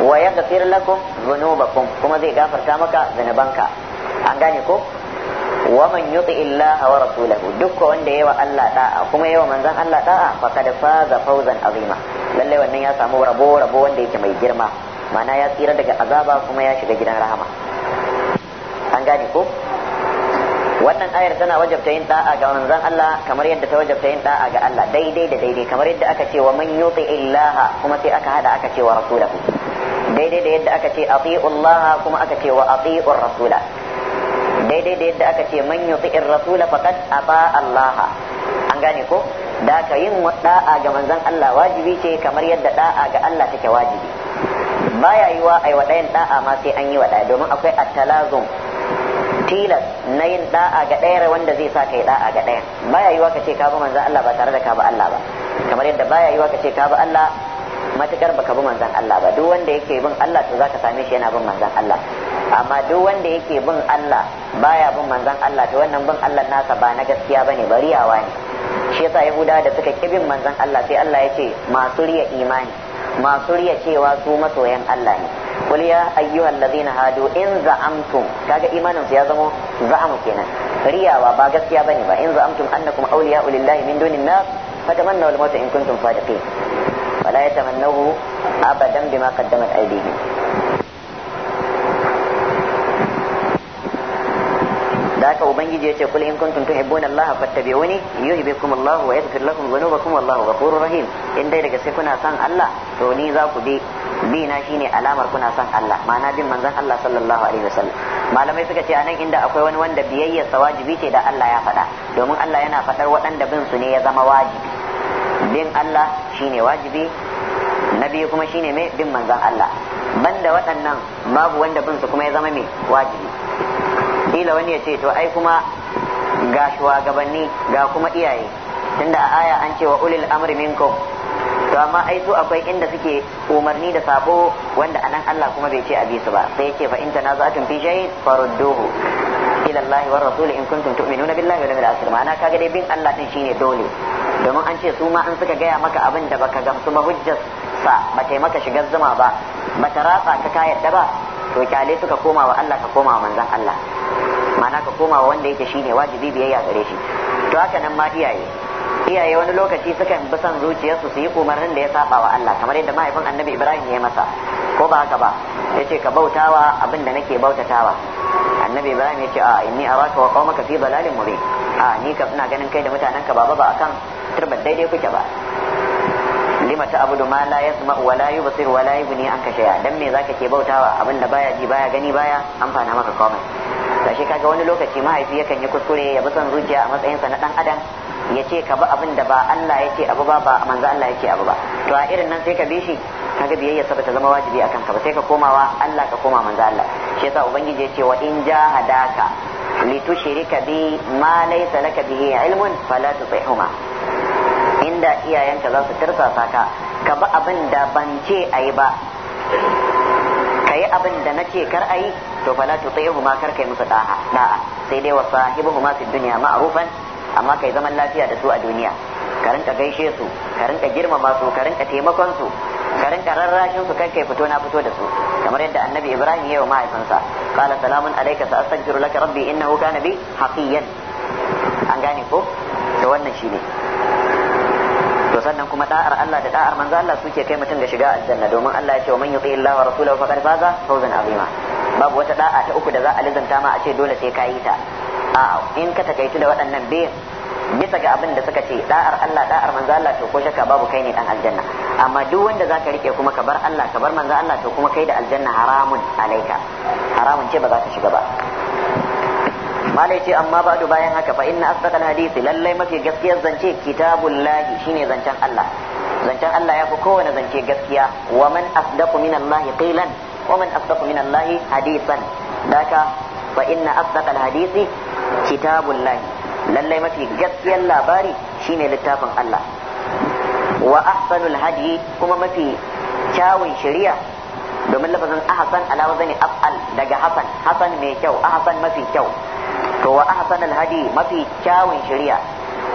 wa ya yaghfir lakum dhunubakum kuma zai gafarta maka zanubanka an gane ko wa man yuti illaha wa rasulahu dukka wanda yawa Allah da'a kuma yawa manzon Allah da'a faqad faza fauzan azima lalle wannan ya samu rabo rabo wanda yake mai girma mana ya tsira daga azaba kuma ya shiga gidan rahama an gane ko wannan ayar tana wajabta yin da'a ga manzon Allah kamar yadda ta wajabta yin da'a ga Allah daidai da daidai kamar yadda aka ce wa man yuti illaha kuma sai aka hada aka ce wa rasulahu daidai da yadda aka ce ati'u Allah kuma aka ce wa ati'u rasula daidai da yadda aka ce man yuti rasula faqad ata Allah an gane ko da ka yin da'a ga manzon Allah wajibi ce kamar yadda da'a ga Allah take wajibi baya yiwa ai wa dayan da'a ma sai an yi wa daya domin akwai at-talazum tilas na yin da'a ga ɗaya wanda zai sa kai da'a ga ɗayan baya yiwa ka ce ka bi Allah ba tare da ka Allah ba kamar yadda baya yiwa ka ce ka Allah matukar baka bi manzon Allah ba duk wanda yake bin Allah to zaka same shi yana bin manzon Allah amma duk wanda yake bin Allah baya bin manzon Allah to wannan bin Allah nasa ba na gaskiya bane bariyawa bariyawa ne shi yasa Yahuda da suka ki bin manzon Allah sai Allah ya ce masu riya imani masu riya cewa su masoyan Allah ne qul ya na ladina hadu in za'amtum kaga imanin su ya zama za'am kenan riyawa ba gaskiya bane ba in za'amtum annakum awliya'u lillahi min dunin nas fatamannaw al-maut in kuntum sadiqin wala yatamannahu abadan bima qaddamat ubangiji ya ce kul in kuntum tuhibbuna allaha fattabi'uni yuhibbukum allahu wa yaghfir lakum dhunubakum wallahu ghafurur rahim in dai daga sai kuna san Allah to ni za ku bi Bina shine alamar kuna son Allah ma'ana bin manzon Allah sallallahu alaihi wasallam malamai suka ce anan inda akwai wani wanda biyayyar sa wajibi ce da Allah ya faɗa domin Allah yana faɗar waɗanda bin su ne ya zama wajibi bin Allah shine wajibi nabi kuma shine mai bin manzon Allah banda waɗannan babu wanda bin su kuma ya zama mai wajibi ila wani ya ce to ai kuma ga shugabanni ga kuma iyaye tunda a aya an ce wa ulil amri minkum to amma ai su akwai inda suke umarni da sabo wanda anan Allah kuma bai ce a bisu su ba sai yace fa in tanaza'tum fi shay'in farudduhu ila Allah wa rasul in kuntum tu'minuna billahi wal yawmil akhir ma'ana kaga dai bin Allah din shine dole domin an ce su ma an suka gaya maka abin da baka gamsu ba hujjar sa ba ta maka shigar zuma ba ba ta ratsa ka ka yadda ba to kyale suka koma wa Allah ka koma wa manzon Allah ma'ana ka koma wa wanda yake shine wajibi biyayya gare shi to haka nan ma iyaye iyaye wani lokaci sukan bi son zuciyarsu su yi umarnin da ya saba wa Allah kamar yadda mahaifin annabi Ibrahim ya masa ko ba haka ba ya ce ka bautawa abin da nake bautatawa annabi Ibrahim ya ce a inni araka wa qaumaka fi dalalin mubin a ni ka ina ganin kai da mutanen ka baba ba akan turbar daidai kuke ba lima ta abudu ma la suma wa la yubsir wa la an anka shay'a dan me zaka ke bautawa abin da baya ji baya gani baya amfana maka komai gashi kaga wani lokaci mahaifi yakan yi kuskure ya bi son zuciya a matsayinsa na dan adam ya ce ka bi abin da ba Allah ya ce abu ba ba manzo Allah ya ce abu ba to a irin nan sai ka bi shi kaga biyayya sa ta zama wajibi akan ka ba sai ka komawa Allah ka koma manzo Allah shi yasa ubangiji ya ce wa in jahadaka tushrika bi ma laysa laka bihi ilmun fala tusihuma inda iyayenka za su tirsasa ka ka bi abin da ban ce ayi ba ka abin da na ce kar ayi to fala tusihuma kar kai musu da'a da'a sai dai wa sahibuhuma fid dunya ma'rufan amma kai zaman lafiya da su a duniya ka rinka gaishe su ka rinka girmama su ka rinka taimakon su ka rinka rarrashin su kai kai fito na fito da su kamar yadda annabi ibrahim ya yi wa mahaifinsa qala salamun alayka sa astaghfiru laka rabbi innahu kana bi haqiyan an gane ko to wannan shine to sannan kuma da'ar Allah da da'ar manzo Allah suke kai mutum da shiga aljanna domin Allah ya ce wa man yuti Allah wa rasulahu faqad faza fawzan azima babu wata da'a ta uku da za a lizanta ma a ce dole sai kayi ta a'a in ka takaitu da waɗannan biyan bisa ga abin da suka ce da'ar Allah da'ar manzo Allah to ko shakka babu kai ne dan aljanna amma duk wanda zaka rike kuma ka bar Allah ka bar manzo Allah to kuma kai da aljanna haramun alaika haramun ce ba za ka shiga ba malai ce amma ba'du bayan haka fa inna asdaqal hadisi lallai mafi gaskiyar zance kitabullahi shine zancen Allah zancen Allah ya fi kowane zance gaskiya wa man asdaqu minallahi qilan wa man asdaqu minallahi hadisan daka فإن أصدق الحديث alhadisi الله للي ما في جسيا لا باري شيني لتافن الله وأحسن الهدي كما ما kyawun shari'a domin lafazin ahsan ala zane af'al daga hasan hasan mai kyau ahsan mafi kyau to wa ahsan alhadi mafi kyawun shari'a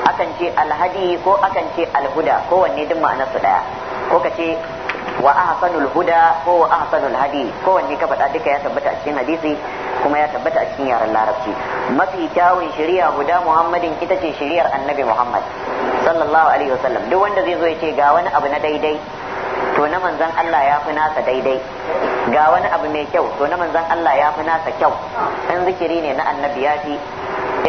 akan ce alhadi ko akan ce alhuda ko wanne duk ma'anar su daya ko ka ce wa ahsanul huda ko wa ahsanul hadi ko wanne ka faɗa duka ya tabbata a cikin hadisi kuma ya tabbata a cikin yaran larabci mafi kyawun shari'a guda muhammadin ita ce shari'ar annabi muhammad sallallahu alaihi wasallam duk wanda zai zo ya ce ga wani abu na daidai to na manzan Allah ya fi nasa daidai ga wani abu mai kyau to na manzan Allah ya fi nasa kyau in zikiri ne na annabi ya fi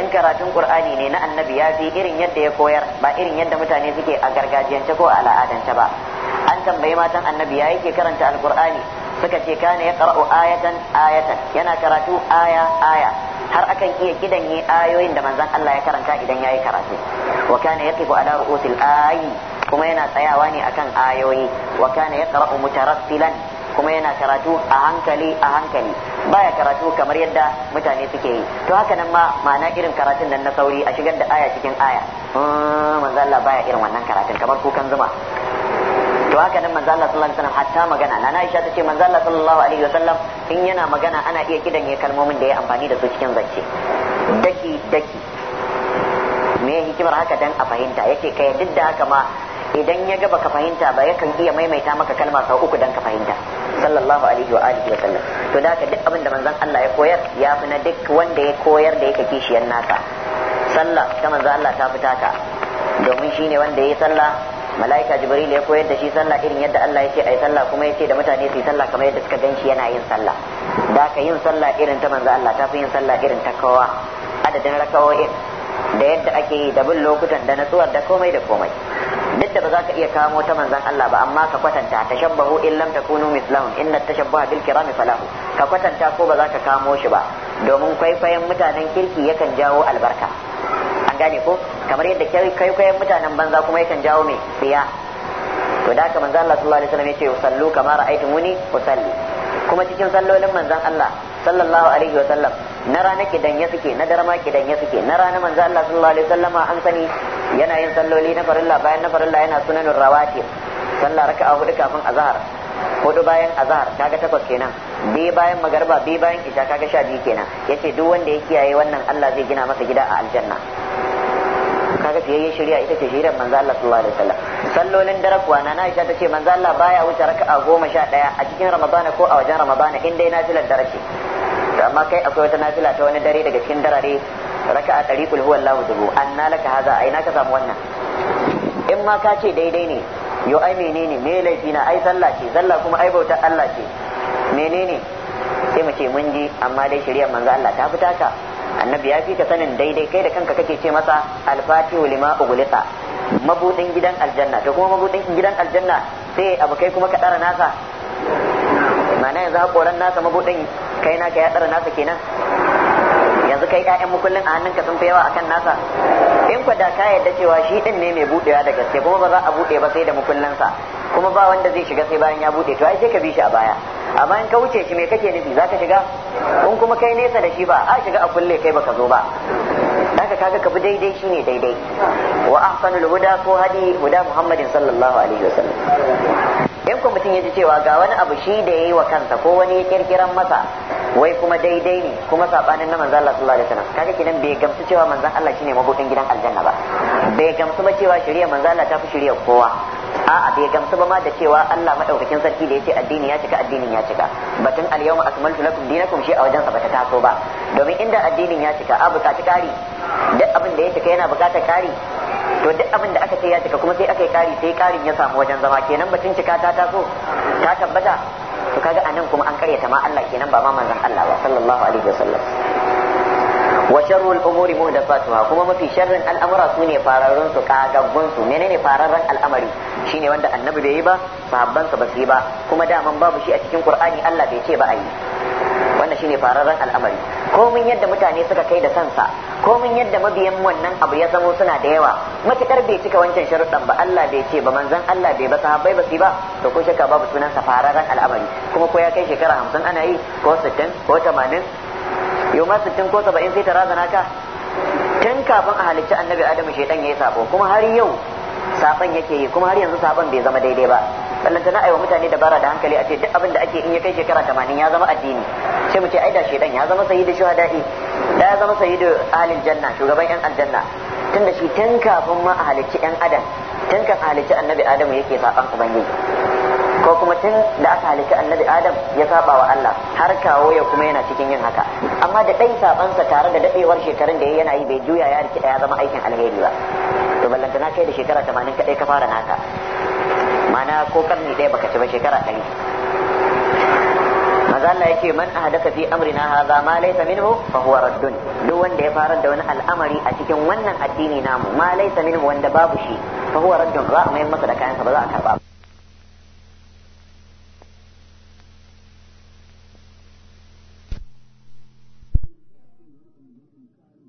in karatun qur'ani ne na annabi ya fi irin yadda ya koyar ba irin yadda mutane suke a gargajiyance ko a al'adance ba an tambayi matan annabi ya yake karanta alkur'ani suka ce kana yaqra'u ayatan ayatan yana karatu aya aya har akan iya kidanye ayoyin da manzon Allah ya karanta idan yayi karatu wa kana yaqifu ala ru'usil ayi kuma yana tsayawa ne akan ayoyi wa kana yaqra'u mutarassilan kuma yana karatu a hankali a hankali baya karatu kamar yadda mutane suke yi to haka nan ma ma'ana irin karatun nan na sauri a shigar da aya cikin aya hmm, manzo Allah baya irin wannan karatun kamar kukan zuma to haka nan manzo Allah sallallahu alaihi wasallam hatta magana nana Aisha tace manzo Allah sallallahu alaihi wasallam in yana magana ana iya kidan ya kalmomin da ya amfani da su cikin zance daki daki me hikimar haka dan a fahimta yake kai duk da haka ma idan ya ga baka fahimta ba yakan iya maimaita maka kalma sau uku dan ka fahimta sallallahu alaihi wa alihi wa sallam to da haka duk abin da manzon Allah ya koyar ya fi na duk wanda ya koyar da yake kishiyar nasa sallah ta manzon Allah ta fitaka domin shine wanda ya sallah mala'ika jibril ya koyar da shi sallah irin yadda Allah ya ce ai sallah kuma ya ce da mutane su yi sallah kamar yadda suka ganshi yana yin sallah da ka yin sallah irin ta manzo Allah ta fi yin sallah irin ta kowa adadin rakawoyin da yadda ake yi da bin lokutan da natsuwar da komai da komai duk da ba za ka iya kamo ta manzan Allah ba amma ka kwatanta ta shabbahu in lam takunu mislahum inna tashabbaha bil kirami falahu ka kwatanta ko ba za ka kamo shi ba domin kwaikwayon mutanen kirki yakan jawo albarka an gane ko kamar yadda kai kai mutanen banza kuma yakan jawo mai siya to da haka manzo Allah sallallahu alaihi wasallam yace sallu kama ra'aytumuni usalli kuma cikin sallolin manzon Allah sallallahu alaihi wasallam na rana kidan ya suke na darma kidan ya suke na rana manzo Allah sallallahu alaihi wasallama an sani yana yin salloli na farilla bayan na farilla yana sunanur rawatib ka raka'a hudu kafin azhar hudu bayan azhar kaga takwas kenan bi bayan magarba bi bayan isha kaga sha biyu kenan yace duk wanda ya kiyaye wannan Allah zai gina masa gida a aljanna kaga yayi shari'a ita ce shari'ar manzo Allah sallallahu alaihi wasallam sallolin dare kuwa na Aisha ta ce manzo Allah baya wuce raka'a goma sha ɗaya a cikin Ramadana ko a wajen Ramadana in dai nafilar dare ce amma kai akwai wata nafila ta wani dare daga cikin darare raka'a ɗari kul huwallahu dubu anna laka haza ai na ka samu wannan in ma ka ce daidai ne yo ai menene me laifi na ai sallah ce sallah kuma ai bauta Allah ce menene sai mu ce mun ji amma dai shari'ar manzo Allah ta fi taka annabi ya fi sanin daidai kai da kanka kake ce masa al-fatihu lima ughliqa mabudin gidan aljanna to kuma mabudin gidan aljanna sai abu kai kuma ka dara nasa ma'ana yanzu hakoran nasa mabudin kai na ka ya dara nasa kenan kai ƴaƴan mukullin a hannunka sun fi yawa akan nasa in kwa da ka yadda cewa shi din ne mai buɗewa da gaske kuma ba za a buɗe ba sai da mukullin sa kuma ba wanda zai shiga sai bayan ya buɗe to ai sai ka bi shi a baya amma in ka wuce shi me kake nufi za ka shiga in kuma kai nesa da shi ba a shiga a kulle kai baka zo ba haka kaga ka bi daidai ne daidai wa ahsanul huda ko hadi huda muhammadin sallallahu alaihi wasallam in ko mutum ya ji cewa ga wani abu shi da yayi wa kansa ko wani ya kirkiran masa wai kuma daidai ne kuma sabanin na manzo Allah sallallahu alaihi wasallam kaga kinan bai gamsu cewa manzan Allah shine mabudin gidan aljanna ba bai gamsu ba cewa shari'a manzo Allah ta fi shari'a kowa a'a bai gamsu ba ma da cewa Allah madaukakin sarki da yace addini ya cika addinin ya cika batun al-yawma akmaltu lakum dinakum shi a wajen sa bata taso ba domin inda addinin ya cika a buƙaci kari duk abin da ya cika yana buƙatar kari to duk abin da aka ce ya cika kuma sai aka yi kari sai karin ya samu wajen zama kenan batun cika ta taso ta tabbata to kaga anan kuma an karyata ma Allah kenan ba ma manzon Allah ba sallallahu alaihi wasallam wa sharrul umuri muhdathatuha kuma mafi sharrin al'amura sune fararrun su kagaggun su menene fararran al'amari shine wanda annabi bai yi ba sahabban sa ba su yi ba kuma daman babu shi a cikin qur'ani Allah bai ce ba a yi wannan shine fararen al'amari komin yadda mutane suka kai da sansa komin yadda mabiyan wannan abu ya zamo suna da yawa matukar bai cika wancan sharuɗan ba Allah bai ce ba manzon Allah bai ba sahabbai ba su ba to ko shakka babu sunan sa fararen al'amari kuma ko ya kai shekara hamsin ana yi ko sittin ko tamanin yau ma sittin ko saba'in sai ta razana ka tun kafin a halicci annabi adamu shedan ya yi sabo kuma har yau saban yake yi kuma har yanzu saban bai zama daidai ba ballanta na aiwa mutane dabara da hankali a ce duk abin da ake in ya kai shekara tamanin ya zama addini sai mu ce ai da shedan ya zama sayyidu shuhada'i da ya zama sayyidu ahlil janna shugaban yan aljanna tunda shi tun kafin ma a halicci yan adam tun kan halicci annabi adamu yake saban ubangiji ko kuma tun da aka halitta annabi adam ya saba wa Allah har kawo ya kuma yana cikin yin haka amma da dai sabansa tare da daɗewar shekarun da yana yi bai juya ya rikida ya zama aikin alheri ba to ballanta na kai da shekara 80 kadai ka fara naka mana ko karni ɗaya baka ci ba shekara 100 maza Allah ce man a hadasa fi amrina hadha ma laysa minhu fa huwa raddun duk wanda ya fara da wani al'amari a cikin wannan addini namu ma laysa minhu wanda babu shi fa huwa raddun za a mayan masa da kayansa ba za a karba ba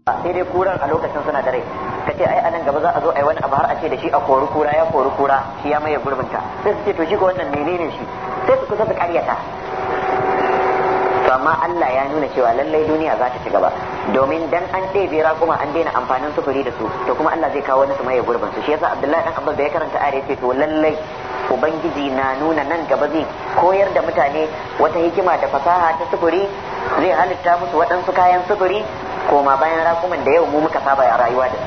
sai dai kuran a lokacin suna da rai ka ce ai anan gaba za a zo ai wani abu har a ce da shi a kori kura ya kori kura shi ya maye gurbinta sai su ce to shi ga wannan menene shi sai su kusa su karyata amma Allah ya nuna cewa lallai duniya za ta ci gaba domin dan an ɗebe raƙuma an daina amfanin sufuri da su to kuma Allah zai kawo wani su maye gurbin su shi yasa Abdullahi dan Abdul da ya karanta ayar yace to lallai ubangiji na nuna nan gaba zai koyar da mutane wata hikima da fasaha ta sufuri zai halitta musu waɗansu kayan sufuri koma bayan rakuman da yau mu muka saba a rayuwa da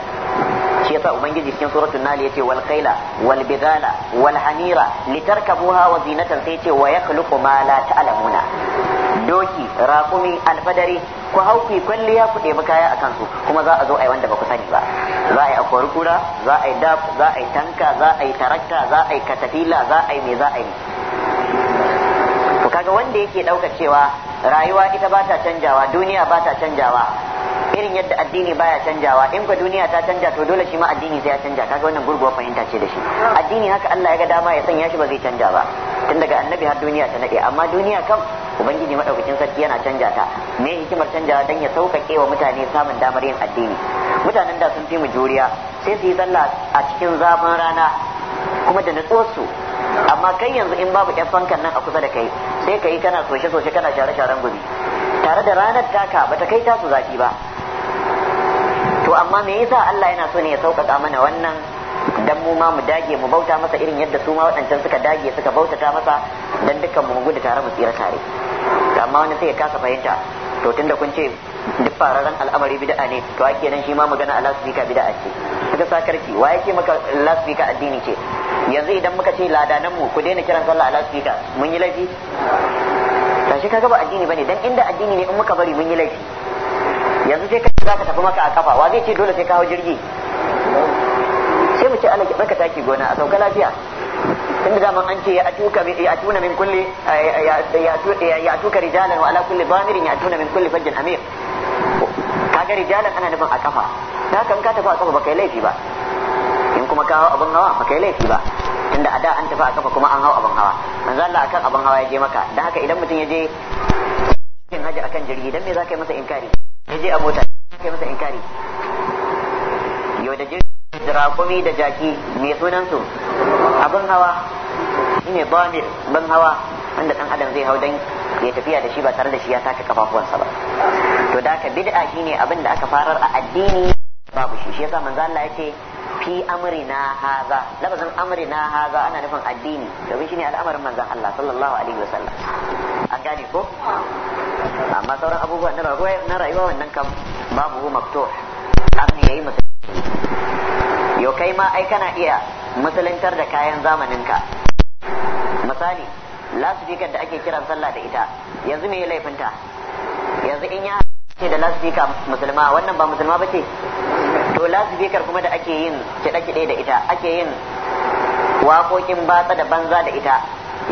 shi yasa ubangiji cikin suratul nahl yace wal khayla wal bidala wal hamira litarkabuha wa zinatan sai yace wa yakhluqu ma la ta'lamuna doki rakumi alfadari ku hauki kulli kwalliya ku ɗebi kaya a kansu kuma za a zo a yi wanda ba ku sani ba za a yi akwari kura za a yi dab za a yi tanka za a yi tarakta za a yi katafila za a yi me za a yi to kaga wanda yake ɗauka cewa rayuwa ita ba ta canjawa duniya ba ta canjawa irin yadda addini baya canjawa in ba duniya ta canja to dole shi ma addini sai ya canja kaga wannan gurguwa fahimta ce da shi addini haka Allah ya ga dama ya sanya shi ba zai canja ba tun daga annabi har duniya ta nade amma duniya kam ubangiji madaukakin sarki yana canja ta me hikimar canjawa dan ya sauƙaƙe wa mutane samun damar yin addini mutanen da sun fi mu juriya sai su yi sallah a cikin zafin rana kuma da su amma kai yanzu in babu yan fankan nan a kusa da kai sai kai yi kana soshe-soshe kana share-sharen gumi tare da ranar taka bata kai tasu zafi ba to amma me yasa Allah yana so ne ya sauƙaƙa mana wannan dan mu ma mu dage mu bauta masa irin yadda su ma waɗancan suka dage suka bautata masa dan dukkan mu gudu tare mu tsira tare amma wani sai ya kasa fahimta to tunda kun ce duk fararen al'amari bid'a ne to ake nan shi ma magana a lasfika bid'a ce kaga sakarki wa yake maka lasfika addini ce yanzu idan muka ce ladanan mu ku daina kiran sallah a lasfika mun yi laifi shi kaga ba addini bane dan inda addini ne in muka bari mun yi laifi yanzu sai ka za ka tafi maka a kafa wa zai ce dole sai kawo jirgi sai mu ce ana barka taki gona a sauka lafiya tun da an ce ya tuna min kulli ya tuka rijalan wa ala kulli bamirin ya tuna min kulli fajjin amir kaga rijalan ana nufin a kafa na kan ka tafi a kafa baka yi laifi ba in kuma ka hau abin hawa baka yi laifi ba tunda a da an tafi a kafa kuma an hau abin hawa manzo Allah akan abin hawa ya je maka dan haka idan mutum ya je cikin haji akan jirgi dan me zaka yi masa inkari ya je abota kai masa inkari yau da jirgin rakumi da jaki mai sunansu abin hawa shi ne bamir ban hawa wanda dan adam zai hau dan ya tafiya da shi ba tare da shi ya taka kafafuwansa ba to da ka bid'a ne abin da aka farar a addini babu shi shi yasa manzo Allah yace fi amrina haza labazan amrina haza ana nufin addini domin shine al'amarin manzo Allah sallallahu alaihi wasallam an gane ko amma sauran abubuwan na rayuwa na rayuwa wannan kam babu hu maftuh abin yayi musulunci yo kai ma ai kana iya musuluntar da kayan zamanin ka misali lasfikar da ake kiran sallah da ita yanzu me laifinta yanzu in ya ce da lasfika musulma wannan ba musulma ba ce to lasfikar kuma da ake yin kiɗe kide da ita ake yin waƙoƙin batsa da banza da ita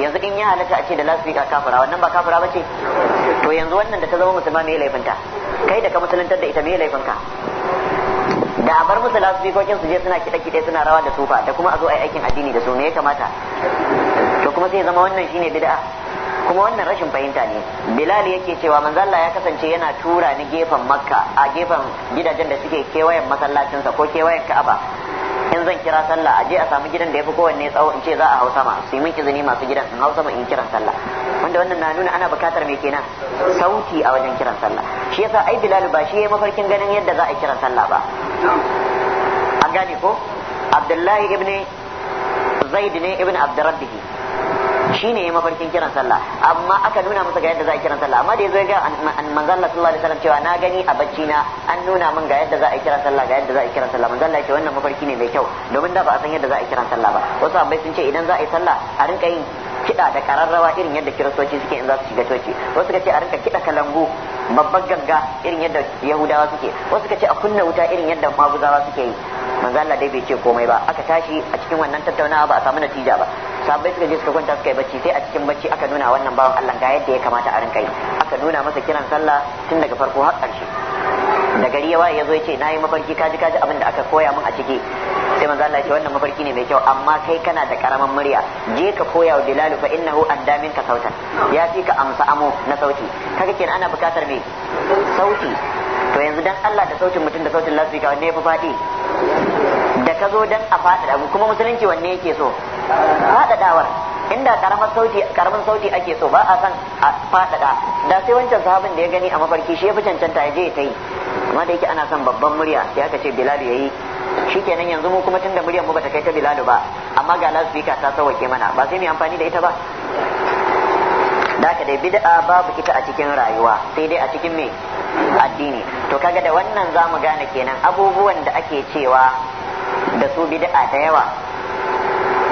yanzu in ya halatta a ce da lasfika kafura wannan ba kafura ba ce to yanzu wannan da ta zama musulma mai laifinta kai da ka musulantar da ita mai laifinka da a bar musu lasbikokin su je suna kiɗe kiɗe suna rawa da sufa da kuma a zo a yi aikin addini da su me ya kamata to kuma sai zama wannan shine bid'a kuma wannan rashin fahimta ne bilal yake cewa manzo Allah ya kasance yana tura ni gefen makka a gefen gidajen da suke kewayen masallacinsa ko kewayen ka'aba in zan kira sallah a je a samu gidan da ya fi kowanne tsawo in ce za a hau sama su yi min izini masu gidan in hau sama in kiran sallah wanda wannan na nuna ana bukatar me kenan sauti a wajen kiran sallah shi yasa ai Bilal ba shi yayi mafarkin ganin yadda za a kiran sallah ba an gane ko Abdullahi ibn Zaid ne ibn Abdurrabbih shi ya mafarkin kiran sallah amma aka nuna masa ga yadda za a kiran sallah amma da ya zo ga manzon Allah sallallahu alaihi wasallam cewa na gani a bacci na an nuna min ga yadda za a kiran sallah ga yadda za a kiran sallah manzon Allah ya ce wannan mafarki ne mai kyau domin da ba a san yadda za a kiran sallah ba wasu abai sun ce idan za a yi sallah a rinka yin kiɗa da kararrawa irin yadda kiristoci suke in za su shiga coci wasu ka ce a rinka kiɗa kalangu babban ganga irin yadda yahudawa suke wasu ka ce a kunna wuta irin yadda maguzawa suke yi manzo Allah dai bai ce komai ba aka tashi a cikin wannan tattaunawa ba a samu natija ba sabai suka je suka kwanta suka yi bacci sai a cikin bacci aka nuna wannan bawan Allah ga yadda ya kamata a rinka yi aka nuna masa kiran sallah tun daga farko har ƙarshe da gari ya waye yazo ya ce nayi mafarki kaji kaji abin da aka koya min a ciki sai manzo Allah ya ce wannan mafarki ne mai kyau amma kai kana da karaman murya je ka koya wa Bilal fa innahu addamin ka sautan ya fi ka amsa amo na sauti kaga kenan ana bukatar me sauti to yanzu dan Allah da sautin mutum da sautin lasfika wanne ya fi faɗi da ka zo dan a faɗaɗa kuma musulunci wanne yake so dawar inda karamar sauti karamin sauti ake so ba a san a fadada da sai wancan sahabin da ya gani a mafarki shi ya fi cancanta ya je ya yi amma da yake ana son babban murya sai aka ce bilal yayi shikenan yanzu mu kuma tunda muryar mu bata kai ta bilal ba amma ga loudspeaker ta sauke mana ba sai mu amfani da ita ba da haka dai bid'a babu ita a cikin rayuwa sai dai a cikin me addini to kaga da wannan zamu gane kenan abubuwan da ake cewa da su bid'a ta yawa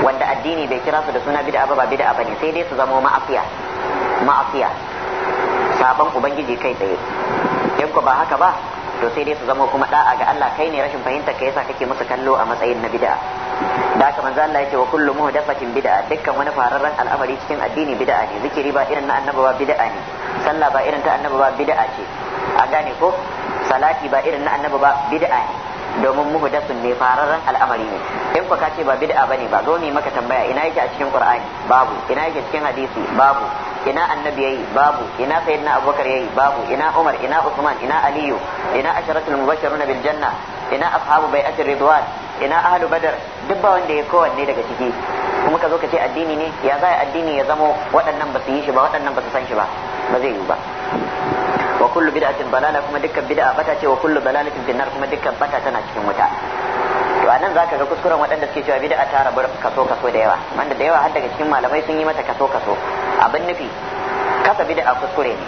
wanda addini bai kira su da suna bid'a ba ba bid'a bane sai dai su zama ma'afiya ma'afiya saban ubangiji kai tsaye yan ba haka ba to sai dai su zama kuma da'a ga Allah kai ne rashin fahimta ka yasa kake musu kallo a matsayin na bid'a da haka manzo Allah yake wa kullu muhdathatin bid'a dukkan wani fararren al'amari cikin addini bid'a ne zikiri ba irin na annabi ba bid'a ne sallah ba irin ta annabi ba bid'a ce a gane ko salati ba irin na annabi ba bid'a ne domin muhdathun ne fararren al'amari ne in ka ce ba bid'a bane ba zo ne maka tambaya ina yake a cikin qur'ani babu ina yake cikin hadisi babu ina annabi yayi babu ina sayyidina abubakar yayi babu ina umar ina usman ina aliyu ina asharatul mubashirun bil janna ina ashabu bai'at ridwan ina ahlu badar duk ba wanda ya kowanne daga ciki kuma ka zo ka ce addini ne ya za addini ya zamo waɗannan ba su yi shi ba waɗannan ba su san shi ba ba zai yi ba kullu bid'atin balala kuma dukkan bid'a bata ce wa kullu balalatin finnar kuma dukkan bata tana cikin wuta to anan zaka ga kuskuren waɗanda suke cewa bid'a ta rabu kaso kaso da yawa wanda da yawa har daga cikin malamai sun yi mata kaso kaso abin nufi kasa bid'a kuskure ne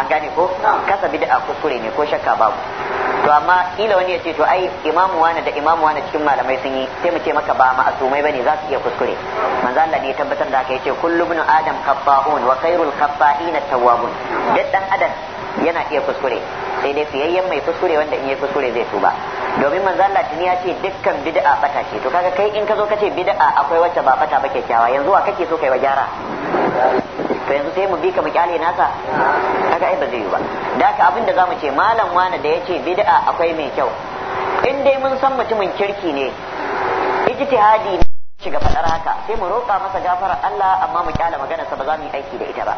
an gane ko kasa bid'a kuskure ne ko shakka babu to amma kila wani ya ce to ai imamu wani da imamu wani cikin malamai sun yi sai mu ce maka ba ma asumai bane za su iya kuskure manzo Allah ne ya tabbatar da haka yace kullu ibn adam kaffahun wa khairul khaffa'ina tawwabun duk dan adam yana iya kuskure sai dai fiyayyen mai kuskure wanda in yi kuskure zai tuba domin manzo Allah tuni ya ce dukkan bid'a bata ce to kaga kai in ka zo ka ce bid'a akwai wacce ba bata ba kyakkyawa yanzu wa kake so kai wa gyara to yanzu sai mu bi ka mu kyale nasa kaga ai ba zai yi ba da ka abin da zamu ce malam wani da ya ce bid'a akwai mai kyau in dai mun san mutumin kirki ne ijtihadi ne shiga fadar haka sai mu roƙa masa gafarar Allah amma mu kyale maganarsa sa ba za mu yi aiki da ita ba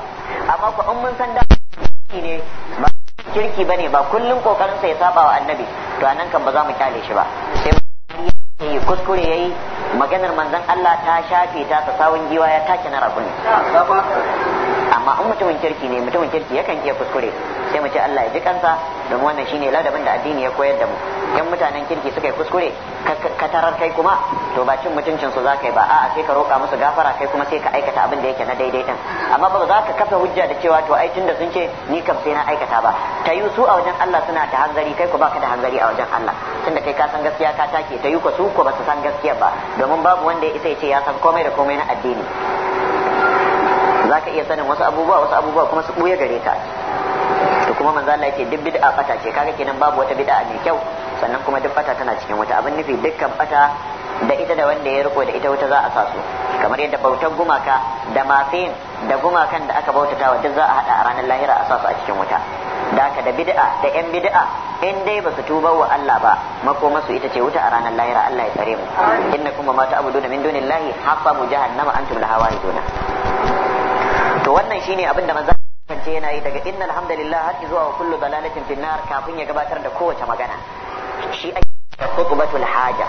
amma ko in mun san da kirki ne ba kirki bane ba kullun kokarin sa ya saba wa annabi to anan kan ba za mu kyale shi ba sai Eh, kuskure ya yi maganar manzan Allah ta shafe ta sawun giwa ya take na rakuni amma in mutumin kirki ne mutumin kirki yakan iya kuskure sai mu ce Allah ya ji kansa domin wannan shine ladabin da addini ya koyar da mu yan mutanen kirki suka yi kuskure ka tarar kai kuma to ba cin mutuncin su zaka yi ba a'a sai ka roka musu gafara kai kuma sai ka aikata abin da yake na daidai din amma ba za ka kafa hujja da cewa to ai tunda sun ce ni kam sai na aikata ba ta su a wajen Allah suna ta hanzari kai ko baka da hanzari a wajen Allah tunda kai ka san gaskiya ka take ta yi ko su ko ba su san gaskiya ba domin babu wanda ya isa ya ce ya san komai da komai na addini za ka iya sanin wasu abubuwa wasu abubuwa kuma su ɓuya gare ka to kuma manzo Allah yake duk bid'a fata ce kaga kenan babu wata bid'a mai kyau sannan kuma duk fata tana cikin wuta abin nufi dukkan fata da ita da wanda ya riko da ita wuta za a sasu. kamar yadda bautar gumaka da mafin da gumakan da aka bautata wa duk za a hada a ranar lahira a sasu a cikin wuta da aka da bid'a da yan bid'a in dai ba su tuba wa Allah ba makoma su ita ce wuta a ranar lahira Allah ya tsare mu Inna mata ma ta'buduna min dunillahi hafa mu jahannama antum lahawa iduna to wannan shine abin da manzo kance yana yi daga innal hamdalillah har zuwa wa kullu dalalatin finnar kafin ya gabatar da kowace magana shi ake da haja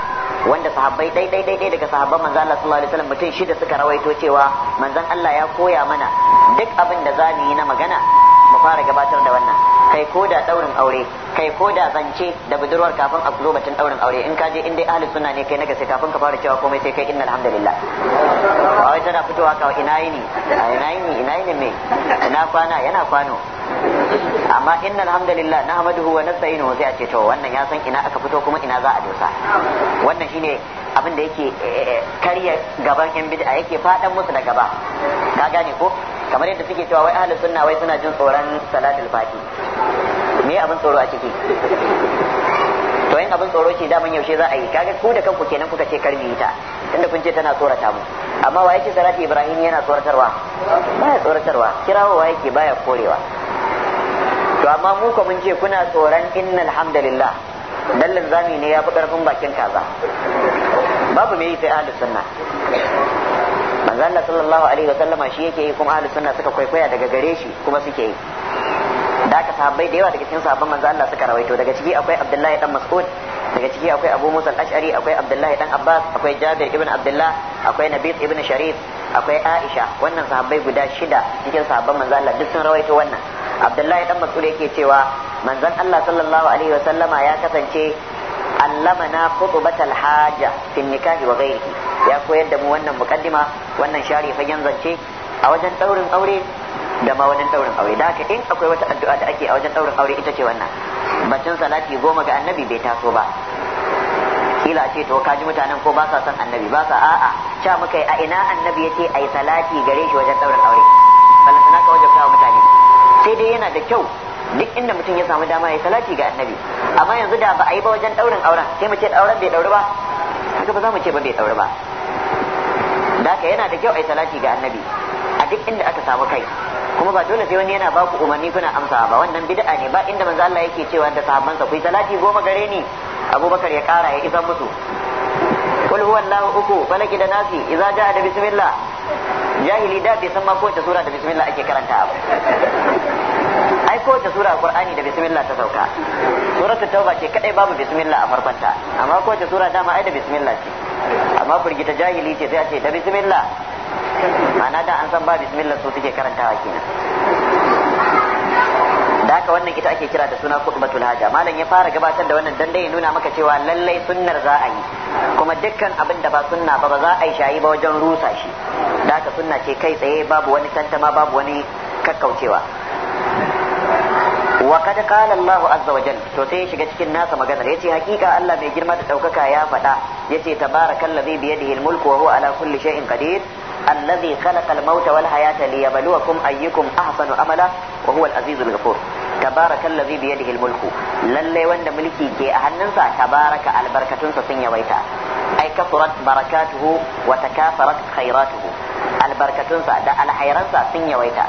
wanda sahabbai dai dai dai daga sahabban manzo Allah sallallahu alaihi wasallam mutum shida suka rawaito cewa manzon Allah ya koya mana duk abin da zamu yi na magana mu fara gabatar da wannan kai ko da daurin aure kai ko da zance da budurwar kafin a zo batun daurin aure in ka je in dai ahli sunna ne kai na gaske kafin ka fara cewa komai sai kai inna alhamdulillah ba wai tana fitowa kawai ina yini ina yini ina yini me ina kwana yana kwano amma inna alhamdulillah na huwa wa nasta'inuhu sai a ce to wannan ya san ina aka fito kuma ina za a dosa wannan shine abin da yake eh, eh, eh, karya gaban yan bid'a yake fadan musu da gaba ka gane ko kamar yadda suke cewa wai ahli sunna wai suna jin tsoron salatul fati me abin tsoro a ciki to yin abin tsoro ce daman yaushe za a yi kaga ku da kanku kenan kuka ce karbi ta tunda kun ce tana tsorata mu amma wa yake salati ibrahim yana tsoratarwa baya tsoratarwa kirawo wa yake baya korewa to amma mu ka mun ce kuna tsoron inna alhamdulillah dallan zami ne ya fi karfin bakin kaza babu me yi sai ahlus sunna manzo Allah sallallahu alaihi wa sallama shi yake yi kuma ahlus sunna suka kwaikwaya daga gare shi kuma suke yi da aka sahabbai da yawa daga cikin sahabban manzo Allah suka rawaito daga ciki akwai Abdullahi dan Mas'ud daga ciki akwai Abu Musa al-Ash'ari akwai Abdullahi dan Abbas akwai Jabir ibn Abdullah akwai Nabith ibn Sharif akwai Aisha wannan sahabbai guda shida cikin sahabban manzo Allah duk sun rawaito wannan Abdullahi dan Mas'ud yake cewa manzon Allah sallallahu alaihi wa sallama ya kasance allamana khutbatal haja fi nikahi wa ghairihi ya koyar da mu wannan muqaddima wannan share fagen zance a wajen daurin aure da ma wajen daurin aure da haka in akwai wata addu'a da ake a wajen daurin aure ita ce wannan batun salati goma ga annabi bai taso ba kila ce to kaji mutanen ko ba sa son annabi ba sa a'a cha muka a ina annabi yace ai salati gare shi wajen daurin aure sana ka wajen kawo mutane sai dai yana da kyau duk inda mutum ya samu dama ya salati ga annabi amma yanzu da ba a yi ba wajen daurin auren sai mu ce auren bai dauri ba haka ba za mu ce ba bai dauri ba da haka yana da kyau a yi salati ga annabi a duk inda aka samu kai kuma ba dole sai wani yana ba ku umarni kuna amsa ba wannan bid'a ne ba inda manzo Allah yake cewa da sahabbansa ku yi salati goma gare ni Abubakar ya kara ya isa musu kul huwallahu uku falaki da nasi idza jaa da bismillah jahili da bai san ma kowace sura da bismillah ake karanta ba ai kowace sura qur'ani da bismillah ta sauka suratu tauba ce kadai babu bismillah a farkonta amma kowace sura dama ai da bismillah ce amma firgita jahili ce sai a ce da bismillah ma'ana da an san ba bismillah su suke karantawa kenan da haka wannan ita ake kira da suna kutubatul haja malam ya fara gabatar da wannan dan dai ya nuna maka cewa lallai sunnar za a yi kuma dukkan abin da ba sunna ba ba za a yi shayi ba wajen rusa shi da haka sunna ce kai tsaye babu wani tantama babu wani kakkaucewa wa kad qala Allah azza wa jalla to sai ya shiga cikin nasa magana yace hakika Allah mai girma da daukaka ya faɗa yace tabarakallazi bi yadihi al-mulku wa huwa ala kulli shay'in qadir الذي خلق الموت والحياة ليبلوكم أيكم أحسن أملا وهو العزيز الغفور تبارك الذي بيده الملك للي وند ملكي كي أهننسا تبارك البركة سسنيا ويتا أي كثرت بركاته وتكاثرت خيراته البركة سعد الحيران سسنيا ويتا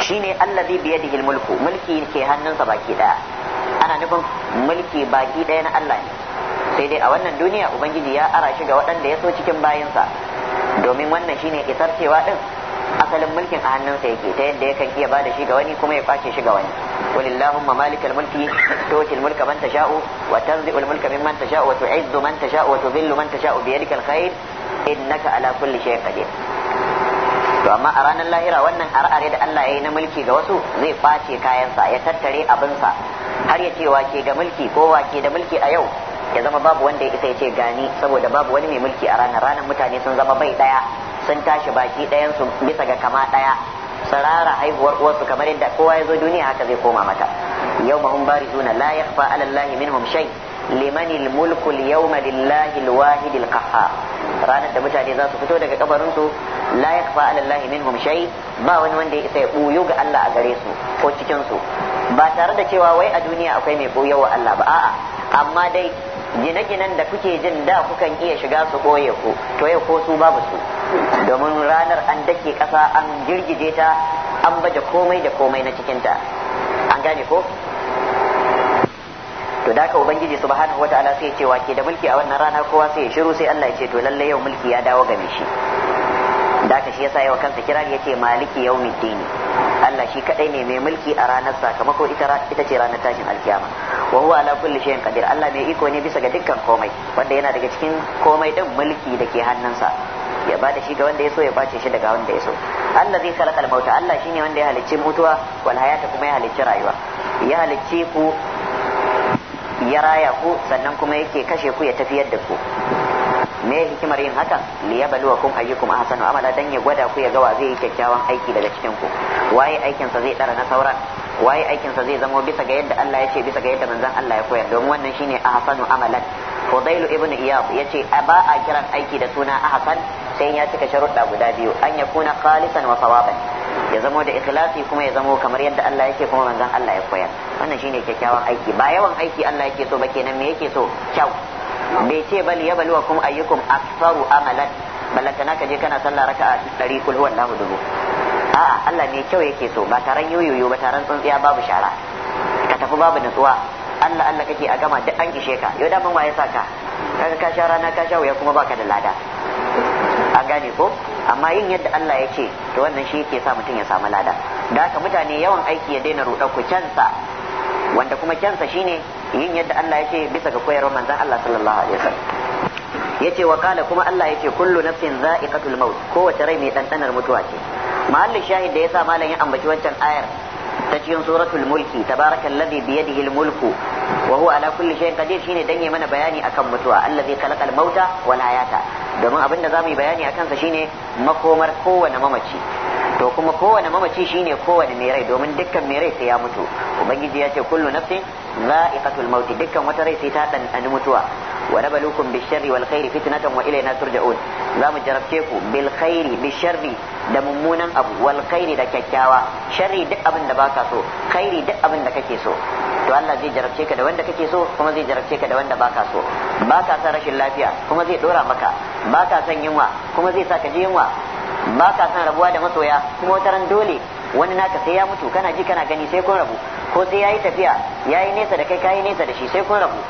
shine allazi bi yadihi mulku mulki ke hannunsa baki daya ana nufin mulki baki daya na Allah ne sai dai a wannan duniya ubangiji ya ara shi ga waɗanda ya so cikin bayinsa domin wannan shine isarcewa din asalin mulkin a hannunsa yake ta yadda yakan iya bada shi ga wani kuma ya kwace shi ga wani walillahun malikal mulki tutil mulka man tasha'u wa tanzi'ul mulka mimman tasha'u wa tu'izzu man tasha'u wa tudhillu man tasha'u bi yadikal khair innaka ala kulli shay'in qadir to amma a ranar lahira wannan ar'are da Allah ya yi na mulki ga wasu zai kwace kayansa ya tattare abinsa har ya ce wake da mulki ko wake da mulki a yau ya zama babu wanda ya isa ya ce gani saboda babu wani mai mulki a ranar ranar mutane sun zama bai daya sun tashi baki dayan su bisa ga kama daya sarara haihuwar uwarsu kamar yadda kowa ya zo duniya haka zai koma mata yawma hum barizuna la yakhfa ala allahi minhum shay liman almulku lillahi alwahid alqahhar ranar da mutane za su fito daga kabarin su la yakhfa ala ba wani wanda ya isa ya buyu ga Allah a gare su ko cikin su ba tare da cewa wai a duniya akwai mai buyawa Allah ba a'a amma dai gine-ginen da kuke jin da kukan iya shiga su ɓoye ku to yau ko su babu su domin ranar an dake ƙasa an girgije ta an baje komai da komai na cikinta an gane ko to da ubangiji subhanahu wataala sai cewa ke da mulki a wannan rana kowa sai ya shiru sai Allah ya ce to lalle yau mulki ya dawo game shi da ka shi yasa yau kansa ya ce maliki yaumiddin Allah shi kadai ne mai mulki a ranar sakamako ita ita ce ranar tashin alkiyama wa huwa ala kulli shay'in qadir Allah mai iko ne bisa ga dukkan komai wanda yana daga cikin komai din mulki da ke hannunsa ya ba da shi ga wanda ya so ya bace shi daga wanda ya so Allah zai khalaqal mauta Allah shine wanda ya halicci mutuwa wal hayata kuma ya halicci rayuwa ya halicci ku ya raya ku sannan kuma yake kashe ku ya tafiyar da ku me hikimar yin hakan li kum ayyukum ahsanu amala dan ya gwada ku ya ga wa zai yi kyakkyawan aiki daga cikin ku waye aikinsa zai dara na sauran waye aikin sa zai zama bisa ga yadda Allah ya ce bisa ga yadda manzon Allah ya koyar domin wannan shine ahsanu amalan Fudailu ibn Iyad yace ba a kiran aiki da suna ahsan sai ya cika sharuɗa guda biyu an ya kuna khalisan wa sawaban ya zamo da ikhlasi kuma ya zamo kamar yadda Allah yake kuma manzon Allah ya koyar wannan shine kyakkyawan aiki ba yawan aiki Allah yake so ba kenan me yake so kyau bai ce bal ya baluwa kuma ayyukum aktsaru amalan ballantana ka je kana sallah raka'a 100 kul huwallahu dubu a'a Allah mai kyau yake so ba taron yoyoyo ba taron tsuntsiya babu shara ka tafi babu nutsuwa Allah Allah kake a gama duk an gishe ka yau daman waye sa ka kaga ka sha rana ka sha wuya kuma baka da lada an gane ko amma yin yadda Allah ya to wannan shi yake sa mutum ya samu lada da haka mutane yawan aiki ya daina rudar ku kyansa wanda kuma kyansa shine yin yadda Allah ya ce bisa ga koyarwar manzon Allah sallallahu alaihi wasallam yace wa kala kuma Allah yace kullu nafsin za'iqatul maut kowace rai mai dandanar mutuwa ce mahallin shahid da yasa malam ya ambaci wancan ayar تجين سورة الملك تبارك الذي بيده الملك وهو على كل شيء قدير شيني دنيا من بياني أكم متوى الذي خلق الموت والحياة domin abinda za mu yi bayani a kansa shine makomar kowane mamaci to kuma kowane mamaci shine kowane mai rai domin dukkan mai rai sai ya mutu ubangiji ya ce kullu nafsin za'iqatul maut dukkan wata rai sai ta dan mutuwa wa nabalukum bisharri wal khairi fitnatan wa ilayna turja'un za mu jarabce ku bil khairi da mummunan abu wal khairi da kyakkyawa sharri duk abin da ba baka so khairi duk abin da kake so to Allah zai jarabce ka da wanda kake so kuma zai jarabce ka da wanda baka so baka san rashin lafiya kuma zai dora maka baka san yunwa kuma zai sa ka ji yunwa baka san rabuwa da masoya kuma wata ran dole wani naka sai ya mutu kana ji kana gani sai kun rabu ko sai yayi tafiya yayi nesa da kai kayi nesa da shi sai kun rabu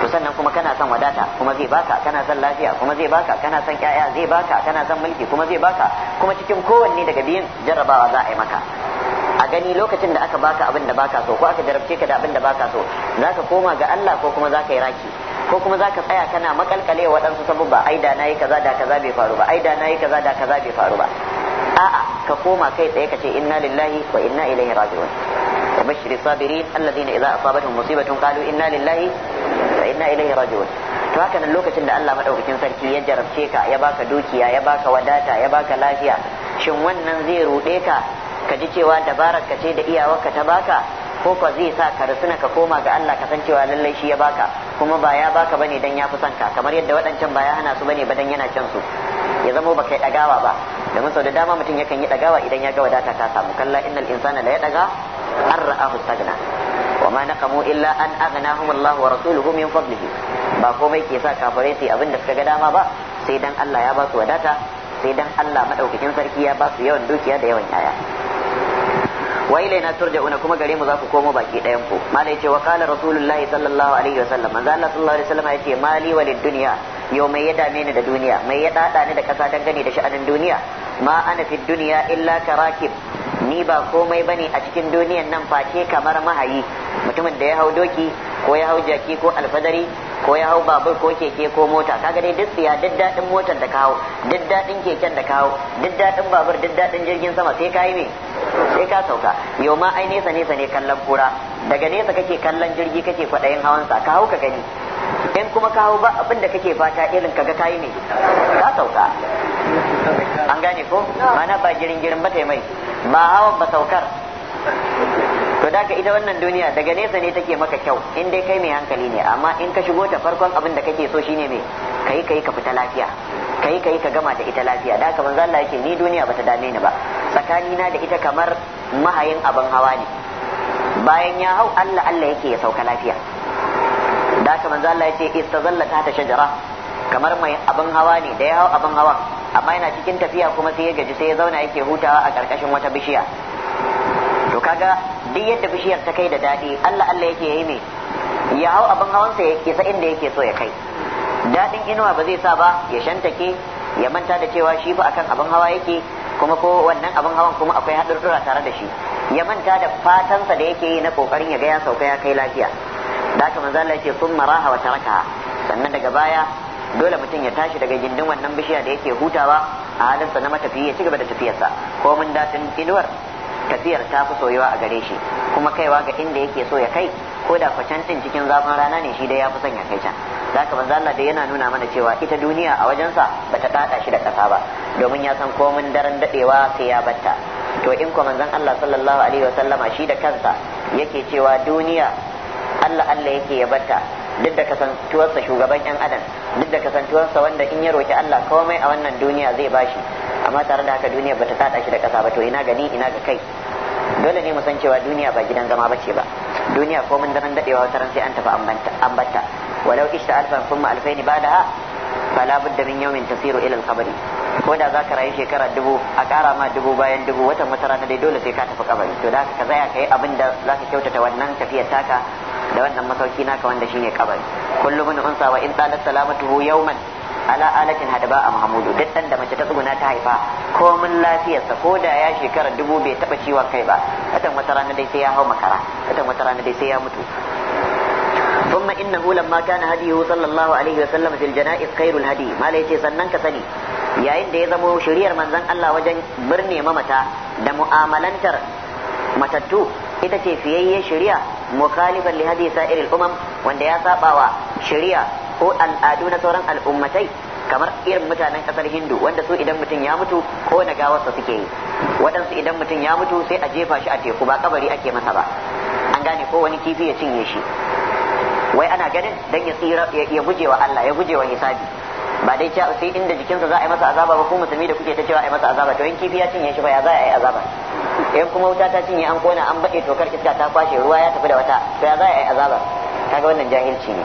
to sannan kuma kana son wadata kuma zai baka kana son lafiya kuma zai baka kana son ƴaƴa zai baka kana son mulki kuma zai baka kuma cikin kowanne daga biyun jarrabawa za a yi maka a gani lokacin da aka baka abin da baka so ko aka jarabce ka da abin da baka so zaka koma ga Allah ko kuma zaka yi raki ko kuma zaka tsaya kana makalkale waɗansu ba ai da yi kaza da kaza bai faru ba ai da yi kaza da kaza bai faru ba a'a ka koma kai tsaye ka ce inna lillahi wa inna ilaihi raji'un وبشر الصابرين الذين إذا أصابتهم مصيبة قالوا إنا لله وإنا إليه راجعون to haka nan lokacin da Allah madaukakin sarki ya jarabce ka ya baka dukiya ya baka wadata ya baka lafiya shin wannan zai rude ka ka ji cewa dabarar ka ce da iyawarka ta baka ko ka zai sa ka rasuna ka koma ga Allah ka san cewa lallai shi ya baka kuma ba ya baka bane dan ya fi son ka kamar yadda waɗancan ba ya hana su bane ba dan yana can su ya zamo ba kai dagawa ba domin sau da dama mutum yakan yi dagawa idan ya ga wadata ta samu kalla innal insana la yadaga an ra'ahu stagna wa ma naqamu illa an aghnahum Allah wa rasuluhu min fadlihi ba komai ke sa kafirai su abin da suka ga dama ba sai dan Allah ya ba su wadata sai dan Allah madaukakin sarki ya ba su yawan dukiya da yawan yaya Wai laina turja una kuma gare mu za ku komo baki ɗayan ku malai ce wa qala rasulullahi sallallahu alaihi wasallam manzo Allah sallallahu alaihi wasallam yace mali walid dunya yau mai ya dame ni da duniya mai ya dada ni da kasa dangane da sha'anin duniya ma ana fi dunya illa karakib ni ba komai bane a cikin duniyan nan face kamar mahayi mutumin da ya hau doki ko ya hau jaki ko alfadari ko ya hau babur ko keke ko mota kaga dai duk siya duk dadin motar da ka hau duk dadin keken da ka hau duk dadin babur duk dadin jirgin sama sai ka yi me sai ka sauka yau ma ai nesa nesa ne kallon kura daga nesa kake kallon jirgi kake kwaɗayin hawan ka hau ka gani in kuma ka hau ba abin da kake fata irin kaga ka yi me ka sauka an gane ko mana ba jirin girin ba mai ba hawan ba saukar to da ka ita wannan duniya daga nesa ne take maka kyau in dai kai mai hankali ne amma in ka shigo ta farkon abin da kake so shine mai kai kai ka fita lafiya kai kai ka gama da ita lafiya da ka manzo Allah yake ni duniya bata dame ni ba tsakani na da ita kamar mahayin abin hawa ne bayan ya hau Allah Allah yake ya sauka lafiya da ka manzo Allah istazalla ta shajara kamar mai abin hawa ne da ya hau abin hawan amma yana cikin tafiya kuma sai ya gaji sai ya zauna yake hutawa a karkashin wata bishiya to kaga duk yadda bishiyar ta kai da daɗi Allah Allah yake yi me ya hau abin hawan sa ya kisa inda yake so ya kai daɗin inuwa ba zai sa ba ya shantake ya manta da cewa shi fa akan abin hawa yake kuma ko wannan abin hawan kuma akwai haɗurɗura tare da shi ya manta da fatansa da yake yi na kokarin ya ga ya sauka ya kai lafiya da haka manzo Allah yake sun maraha wa taraka sannan daga baya dole mutum ya tashi daga gindin wannan bishiya da yake hutawa a halinsa na matafiya ya ci gaba da tafiyarsa ko mun datin inuwar tafiyar ta fi soyuwa a gare shi kuma kaiwa ga inda yake so ya kai ko da kwacan din cikin zafin rana ne shi dai ya fi son ya kai can zaka manzo Allah dai yana nuna mana cewa ita duniya a wajensa ta tada shi da kasa ba domin ya san mun daren dadewa sai ya batta to in ko manzon Allah sallallahu alaihi wasallama shi da kansa yake cewa duniya Allah Allah yake ya batta duk da kasantuwarsa shugaban yan adam duk da kasantuwarsa wanda in ya roki Allah komai a wannan duniya zai bashi amma tare da haka duniya bata tada shi da kasa ba to ina gani ina ga kai dole ne mu san cewa duniya ba gidan zama bace ba duniya ko mun daren dadewa wata ran sai an tafi ambata walau ishta alfan kuma alfaini badaha fala budda min yawmin tasiru ila al ko da zaka rayu shekara dubu a kara ma dubu bayan dubu watan wata rana dai dole sai ka tafi kabari to da ka tsaya kai abin da zaka kyautata wannan tafiyar taka da wannan masauki naka wanda shine kabari kullu min unsa wa in talat salamatuhu yawman ala alatin hadaba a mahamudu duk dan da mace ta tsuguna ta haifa komin lafiyarsa ko da ya shekara dubu bai taba ciwon kai ba watan wata rana dai sai ya hau makara watan wata rana dai sai ya mutu ثم إنه لما كان هديه صلى الله عليه وسلم في الجنائز خير الهدي ما ليتي سنن كسني yayin da ya zamo shiriyar manzon Allah wajen birne mamata da mu'amalantar matattu ita ce fiyayye shiriya mukhalifan li hadi irin umam wanda ya sabawa shiriya ko al'adu na sauran al'ummatai kamar irin mutanen kasar hindu wanda su idan mutum ya mutu ko na gawarsa suke yi waɗansu idan mutum ya mutu sai a jefa shi a teku ba kabari ake masa ba an gane ko wani kifi ya cinye shi wai ana ganin dan ya tsira ya guje wa Allah ya guje wa hisabi ba dai cewa sai inda jikinsa za a yi masa azaba ba ko musulmi da kuke ta cewa a yi masa azaba to in kifi ya cinye shi ba ya za a yi azaba in kuma wuta ta cinye an kona an baɗe tokar iska ta kwashe ruwa ya tafi da wata to ya za a yi azaba kaga wannan jahilci ne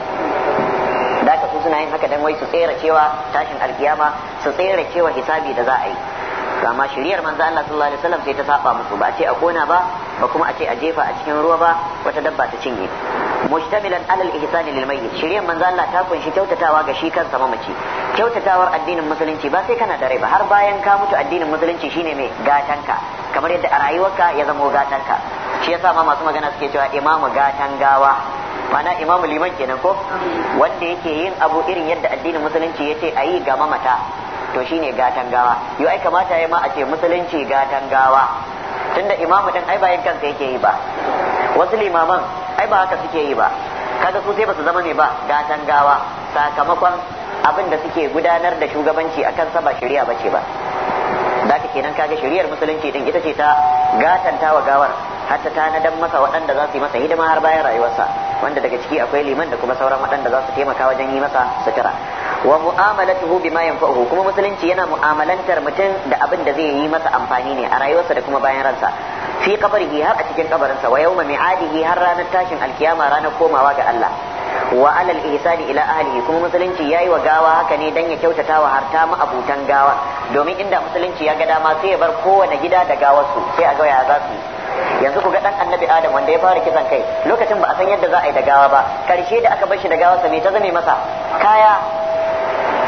da aka su suna yin haka dan wai su tsere cewa tashin alkiyama su tsere cewa hisabi da za a yi kama shiriyar manzo Allah sallallahu alaihi wasallam sai ta saba musu ba a ce a kona ba ba kuma a ce a jefa a cikin ruwa ba wata dabba ta cinye mujtamilan alal ihsan lil mayyit shiriyar manzo Allah ta kunshi kyautatawa ga shi kansa mamaci kyautatawar addinin musulunci ba sai kana da rai ba har bayan ka mutu addinin musulunci shine mai gatanka kamar yadda a rayuwarka ya zamo gatanka shi yasa ma masu magana suke cewa imamu gatan gawa mana imamu liman kenan ko wanda yake yin abu irin yadda addinin musulunci yace ayi ga mamata to shine gatan gawa yo ai kamata yayi ma a ce musulunci gatan gawa tunda imamu din ai ba bayan kansa yake yi ba wasu limaman ai ba haka suke yi ba kaga su sai ba su zama ne ba gatan gawa sakamakon abin da suke gudanar da shugabanci akan sa ba shari'a bace ba da ka kenan kaga shari'ar musulunci din ita ce ta gatanta wa gawar har ta tanadan masa waɗanda za su yi masa hidima har bayan rayuwarsa wanda daga ciki akwai liman da kuma sauran waɗanda za su taimaka wajen yi masa sutura wa mu'amalatuhu bima yanfa'uhu kuma musulunci yana mu'amalantar mutum da abin da zai yi masa amfani ne a rayuwarsa da kuma bayan ransa fi qabrihi har a cikin kabarinsa wa yawma mi'adihi har ranar tashin alkiyama ranar komawa ga Allah wa alal ihsani ila ahlihi kuma musulunci yayi wa gawa haka ne dan ya kyautata wa harta mu abutan gawa domin inda musulunci ya ga dama sai ya bar kowane gida da gawarsu sai a ga ya za su yanzu ku ga dan annabi adam wanda ya fara kisan kai lokacin ba a san yadda za a yi da gawa ba karshe da aka bashi shi da gawa me ta zame masa kaya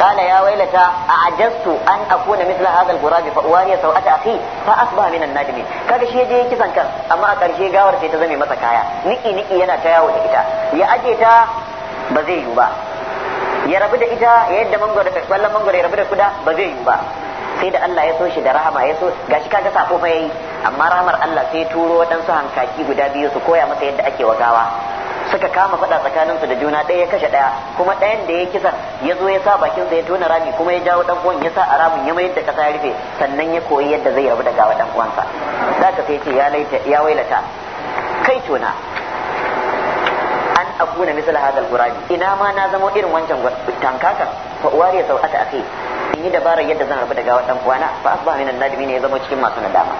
kana ya wailata a a'jastu an akuna mithla hadha al fa uwani sawata akhi fa asbaha min an nadimi kaga shi je kisan kan amma a karshe gawar sai ta zame masa kaya niki niki yana ta yawo ita ya aje ta ba zai yiwu ba ya rabu da ita ya yadda mangoro da kwallon mangoro ya rabu da kuda ba zai yiwu ba sai da Allah ya so shi da rahama ya so gashi kaga safo fa yayi amma rahamar Allah sai turo waɗansu hankaki guda biyu su koya masa yadda ake wagawa suka kama faɗa tsakaninsu da juna ɗaya ya kashe ɗaya kuma ɗayan da ya kisan ya zo ya sa bakinsa ya tona rami kuma ya jawo ɗan uwan ya sa a ramin ya mayar da ƙasa ya rufe sannan ya koyi yadda zai rabu da gawa ɗan uwansa za ka sai ce ya wailata kai tona akuna misal hadal ina ma na zama irin wancan tankakan fa uwariya sau'ata akhi in yi dabarar yadda zan rabu daga wadan kwana fa asba minan nadimi ne ya zama cikin masu nadama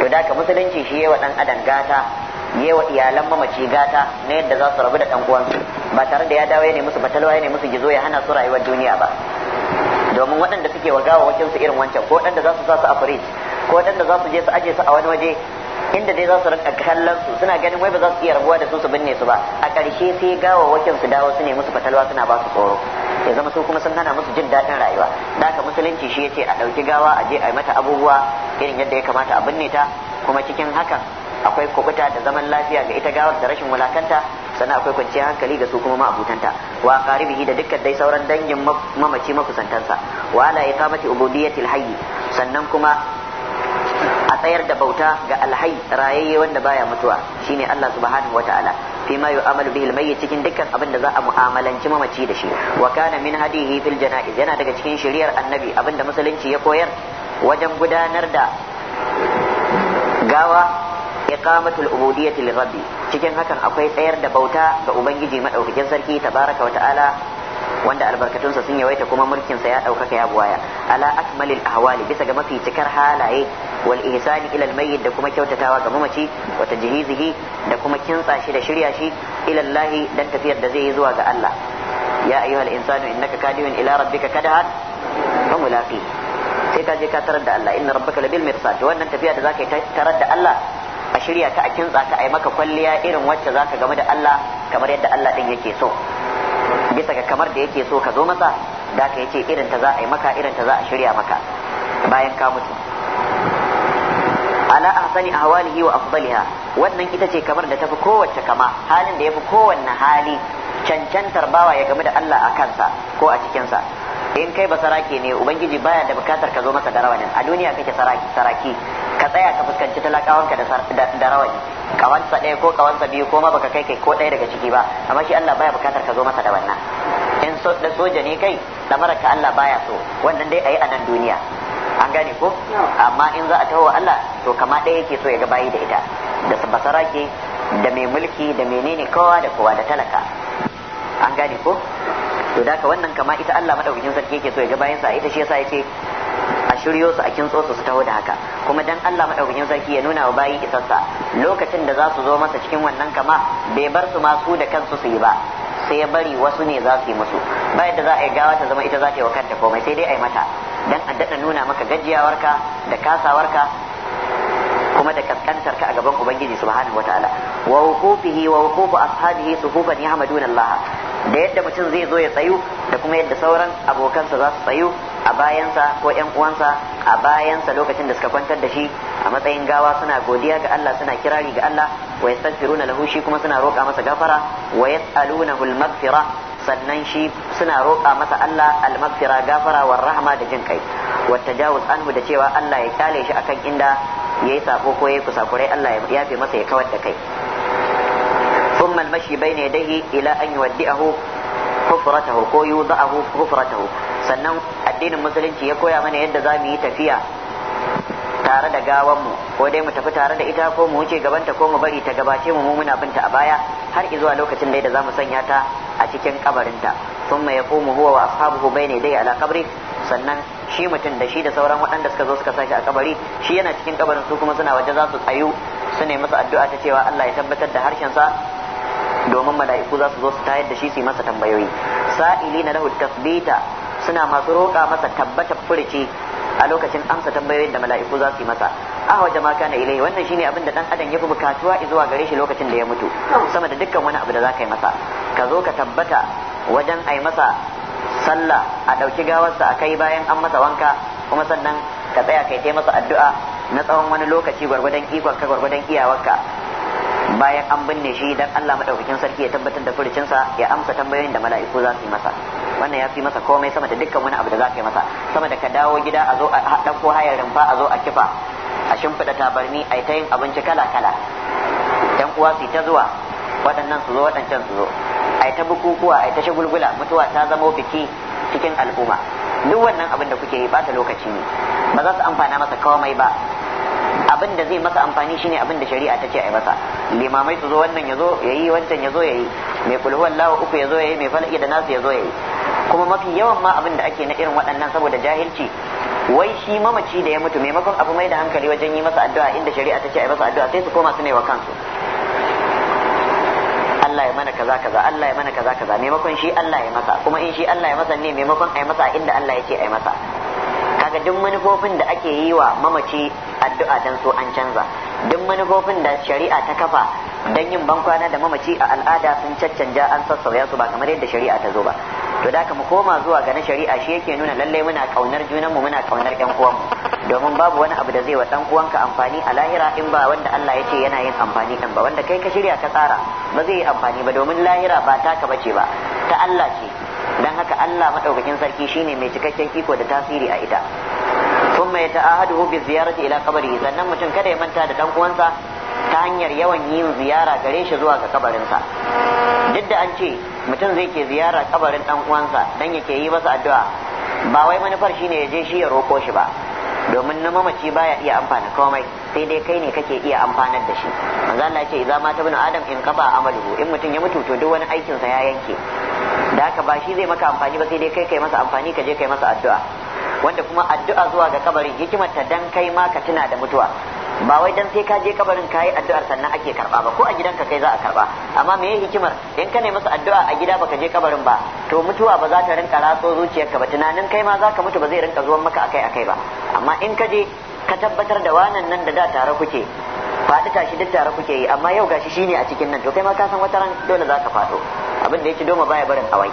to da ka musulunci shi yawa dan adam gata wa iyalan mamaci gata na yadda za su rabu da dan uwansu ba tare da ya dawo ya musu batalwa ya musu gizo ya hana su rayuwar duniya ba domin waɗanda suke wa gawawakin su irin wancan ko waɗanda za su sa su a firij ko waɗanda za su je su aje su a wani waje inda dai za su rinka kallon su suna ganin wai ba za su iya rabuwa da su su binne su ba a ƙarshe sai wakin su dawo su ne musu fatalwa suna ba su tsoro ya zama su kuma sun hana musu jin daɗin rayuwa da haka musulunci shi yace a ɗauki gawa a je a yi mata abubuwa irin yadda ya kamata a binne ta kuma cikin hakan akwai kubuta da zaman lafiya ga ita gawar da rashin wulakanta sannan akwai kwanciyar hankali ga su kuma ma'abutanta wa qaribihi da dukkan dai sauran dangin mamaci makusantansa wa ala iqamati ubudiyyati alhayy sannan kuma tsayar da bauta ga alhai rayayye wanda baya mutuwa shine Allah subhanahu wataala fi ma yu'amalu bihi almayyit cikin dukkan abin da za a mu'amalanci mamaci da shi wa kana min hadihi fil janaiz yana daga cikin shiriyar annabi abin da musulunci ya koyar wajen gudanar da gawa iqamatul ubudiyyati lirabbi cikin hakan akwai tsayar da bauta ga ubangiji madaukakin sarki tabaraka wataala wanda albarkatunsa sun yawaita kuma mulkinsa ya ɗaukaka ya buwaya ala akmalil ahwali bisa ga mafi cikar halaye wal ihsani ila al mayyit da kuma kyautatawa ga mamaci wa tajhizihi da kuma kintsa shi da shirya shi ila dan tafiyar da zai yi zuwa ga Allah ya ayyuhal insanu innaka kadihun ila rabbika kadahan fa mulaqi sai ka je ka tarar da Allah inna rabbaka labil mirsad wannan tafiya da zaka yi tarar da Allah a shirya ta a kintsa ta kwalliya irin wacce zaka game da Allah kamar yadda Allah din yake so bisa ga kamar da yake so ka zo masa da ya ce irin ta za a maka irin ta za a shirya maka bayan ka mutu ala ahsani ahwalihi wa afdaliha wannan ita ce kamar da tafi kowace kama halin da yafi kowanne hali cancantar bawa ya gamu da Allah a kansa ko a cikinsa in kai ba saraki ne ubangiji baya da bukatar ka zo masa da rawanin a duniya kake saraki saraki ka tsaya ka fuskanci talakawanka da rawani kawansa ɗaya ko kawansa biyu ko ma baka kai kai ko ɗaya daga ciki ba amma shi Allah baya bukatar ka zo masa da wannan in so da soja ne kai lamarar ka Allah baya so wannan dai ayi a nan duniya an gane ko amma in za a taho Allah to kama ɗaya yake so ya ga bayi da ita da basarake da mai mulki da menene kowa da kowa da talaka an gane ko to da wannan kama ita Allah madaukakin sarki yake so ya ga bayin sa ita shi yasa yake a shiryo su a kintso su su taho da haka kuma dan Allah madaukakin sarki ya nuna wa bayi isarsa lokacin da za su zo masa cikin wannan kama bai bar su ma su da kansu su yi ba sai ya bari wasu ne za su yi musu bayan da za a yi gawa ta zama ita za ta yi wa kanta komai sai dai a yi mata dan a daɗa nuna maka gajiyawarka da kasawarka kuma da kaskantar ka a gaban ubangiji subhanahu wataala wa wuqufihi wa wuqufu ashabihi suhufan yahmaduna Allah da yadda mutum zai zo ya tsayu da kuma yadda sauran abokansa za su tsayu a bayansa ko ƴan uwansa a bayansa lokacin da suka kwantar da shi a matsayin gawa suna godiya ga Allah suna kirari ga Allah wa yastaghfiruna lahu shi kuma suna roƙa masa gafara wa yas'alunahu al-maghfira sannan shi suna roƙa masa Allah almaghfira gafara war rahma da jin kai wa tajawuz anhu da cewa Allah ya kyale shi akan inda yayi sako ko yayi kusakurai Allah ya yafe masa ya kawar da kai ثم المشي بين يديه إلى أن يودئه حفرته ko يوضعه حفرته sannan addinin musulunci ya koya mana yadda za mu yi tafiya tare da gawan mu ko dai mu tafi tare da ita ko mu wuce gabanta ko mu bari ta gabace mu mu muna binta a baya har zuwa lokacin dai da za mu sanya ta a cikin kabarinta thumma yaqumu huwa wa ashabuhu bayne dai ala kabri sannan shi mutum da shi da sauran waɗanda suka zo suka sashi a kabari shi yana cikin kabarin su kuma suna waje za su tsayu su ne masa addu'a ta cewa Allah ya tabbatar da harshen sa domin mala'iku za su zo su tayar da shi su yi masa tambayoyi sa'ili na lahu tasbita suna masu roƙa masa tabbatar furici a lokacin amsa tambayoyin da mala'iku za su yi masa a ahwaja ma kana ilai wannan shine abin da dan adam ya fi bukatuwa zuwa gare shi lokacin da ya mutu sama da dukkan wani abu da za ka yi masa ka zo ka tabbata wajen ai masa sallah a ɗauki gawarsa a kai bayan an masa wanka kuma sannan ka tsaya kai tai masa addu'a na tsawon wani lokaci gwargwadon ikon ka gwargwadon iyawarka bayan an binne shi dan Allah madaukakin sarki ya tabbatar da furucinsa ya amsa tambayoyin da mala'iku za su yi masa wannan ya fi masa komai sama da dukkan wani abu da za ka yi masa sama da ka dawo gida a zo a ɗauko hayar rumfa a zo a kifa a shimfiɗa tabarni a yi ta yin abinci kala kala yan uwa su ta zuwa waɗannan su zo waɗancan su zo a yi ta bukukuwa a yi ta shagulgula mutuwa ta zama biki cikin al'umma duk wannan abin da kuke yi bata lokaci ne ba za su amfana masa komai ba abin da zai masa amfani shine abin da shari'a ta ce a yi masa limamai su zo wannan ya zo ya yi wancan ya zo ya yi mai kulhu wallahu uku ya zo ya yi mai falaki da nasu ya zo ya yi kuma mafi yawan ma abin da ake na irin waɗannan saboda jahilci wai shi mamaci da ya mutu maimakon abu mai da hankali wajen yi masa addu'a inda shari'a ta ce a yi masa addu'a sai su koma su ne wa kansu Allah ya mana kaza kaza Allah ya mana kaza kaza maimakon shi Allah ya masa kuma in shi Allah ya masa ne maimakon a yi masa inda Allah ya ce a yi masa kaga duk manufofin da ake yi wa mamaci addu'a dan so an canza duk manufofin da shari'a ta kafa dan yin bankwana da mamaci a al'ada sun caccanja an sassauya su ba kamar yadda shari'a ta zo ba to da ka mu koma zuwa ga na shari'a shi yake nuna lalle muna kaunar junanmu muna kaunar yan uwanmu domin babu wani abu da zai wa dan uwanka amfani a lahira in ba wanda Allah ya ce yana yin amfani din ba wanda kai ka shirya ka tsara ba zai yi amfani ba domin lahira ba taka bace ba ta Allah ce dan haka Allah madaukakin sarki shine mai cikakken iko da tasiri a ita thumma yata'ahaduhu bi ziyarati ila kabari sannan mutum kada ya manta da dan uwansa ta hanyar yawan yin ziyara gare shi zuwa ga kabarinsa duk da an ce mutum zai ke ziyara kabarin dan uwansa dan yake yi masa addu'a ba wai manufar shine ya je shi ya roko shi ba domin na mamaci baya iya amfana komai sai dai kai ne kake iya amfanar da shi manzo Allah ce idza mata bin adam in qaba amaluhu in mutum ya mutu to duk wani aikin sa ya yanke da haka ba shi zai maka amfani ba sai dai kai kai masa amfani ka je kai masa addu'a wanda kuma addu'a zuwa ga kabarin hikimarta dan kai ma ka tuna da mutuwa ba wai dan sai ka je kabarin yi addu'ar sannan ake karba ba ko a gidanka kai za a karba amma me hikimar in ka nemi addu'a a gida baka je kabarin ba to mutuwa ba za ta rinka ratso zuciyarka ba tunanin kai ma zaka mutu ba zai rinka zuwan maka akai akai ba amma in ka je ka tabbatar da wanan nan da da tare kuke faɗi tashi duk tare kuke yi amma yau gashi shine a cikin nan to kai ma ka san wata ran dole za ka faɗo abin da ya ci doma baya barin awai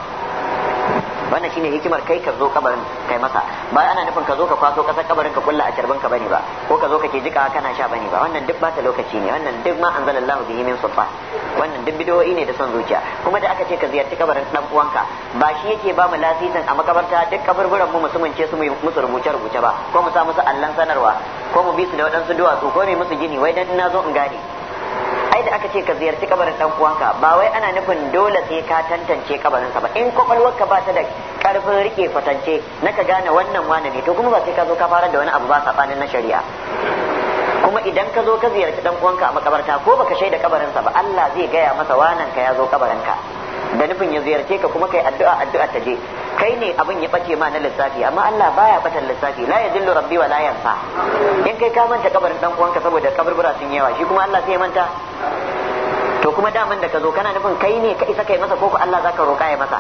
wannan shine hikimar kai ka zo kabarin kai masa ba ana nufin ka zo ka kwaso kasar kabarin ka kulla a carbin ka bane ba ko ka zo ka ke jika kana sha bane ba wannan duk bata lokaci ne wannan duk ma anzalallahu bihi min sultan wannan duk bidoyi ne da son zuciya kuma da aka ce ka ziyarci kabarin dan uwanka ba shi yake ba mu lasisin a makabarta duk kaburburan mu musulmin ce su musu rubuce rubuce ba ko mu sa musu allan sanarwa ko mu bi su da waɗansu duwatsu ko mu musu gini wai dan ina zo in gane ai da aka ce ka ziyarci kabarin dan uwanka ba wai ana nufin dole sai ka tantance kabarinsa ba in kwakwalwarka ba ta da karfin rike fatance na ka gane wannan wane ne to kuma ba sai ka zo ka fara da wani abu ba sabanin na shari'a kuma idan ka zo ka ziyarci dan uwanka a makabarta ko baka shaida kabarinsa ba Allah zai gaya masa wanan ka ya zo kabarin ka da nufin ya ziyarce ka kuma kai addu'a addu'a ta je kai ne abin ya bace ma na lissafi amma Allah baya batar lissafi la yadillu rabbi wa la yansa in kai ka manta kabarin dan uwanka saboda kaburbura sun yawa shi kuma Allah sai ya manta to kuma daman da ka zo kana nufin kai ne ka isa kai masa koko Allah zaka roƙa ya masa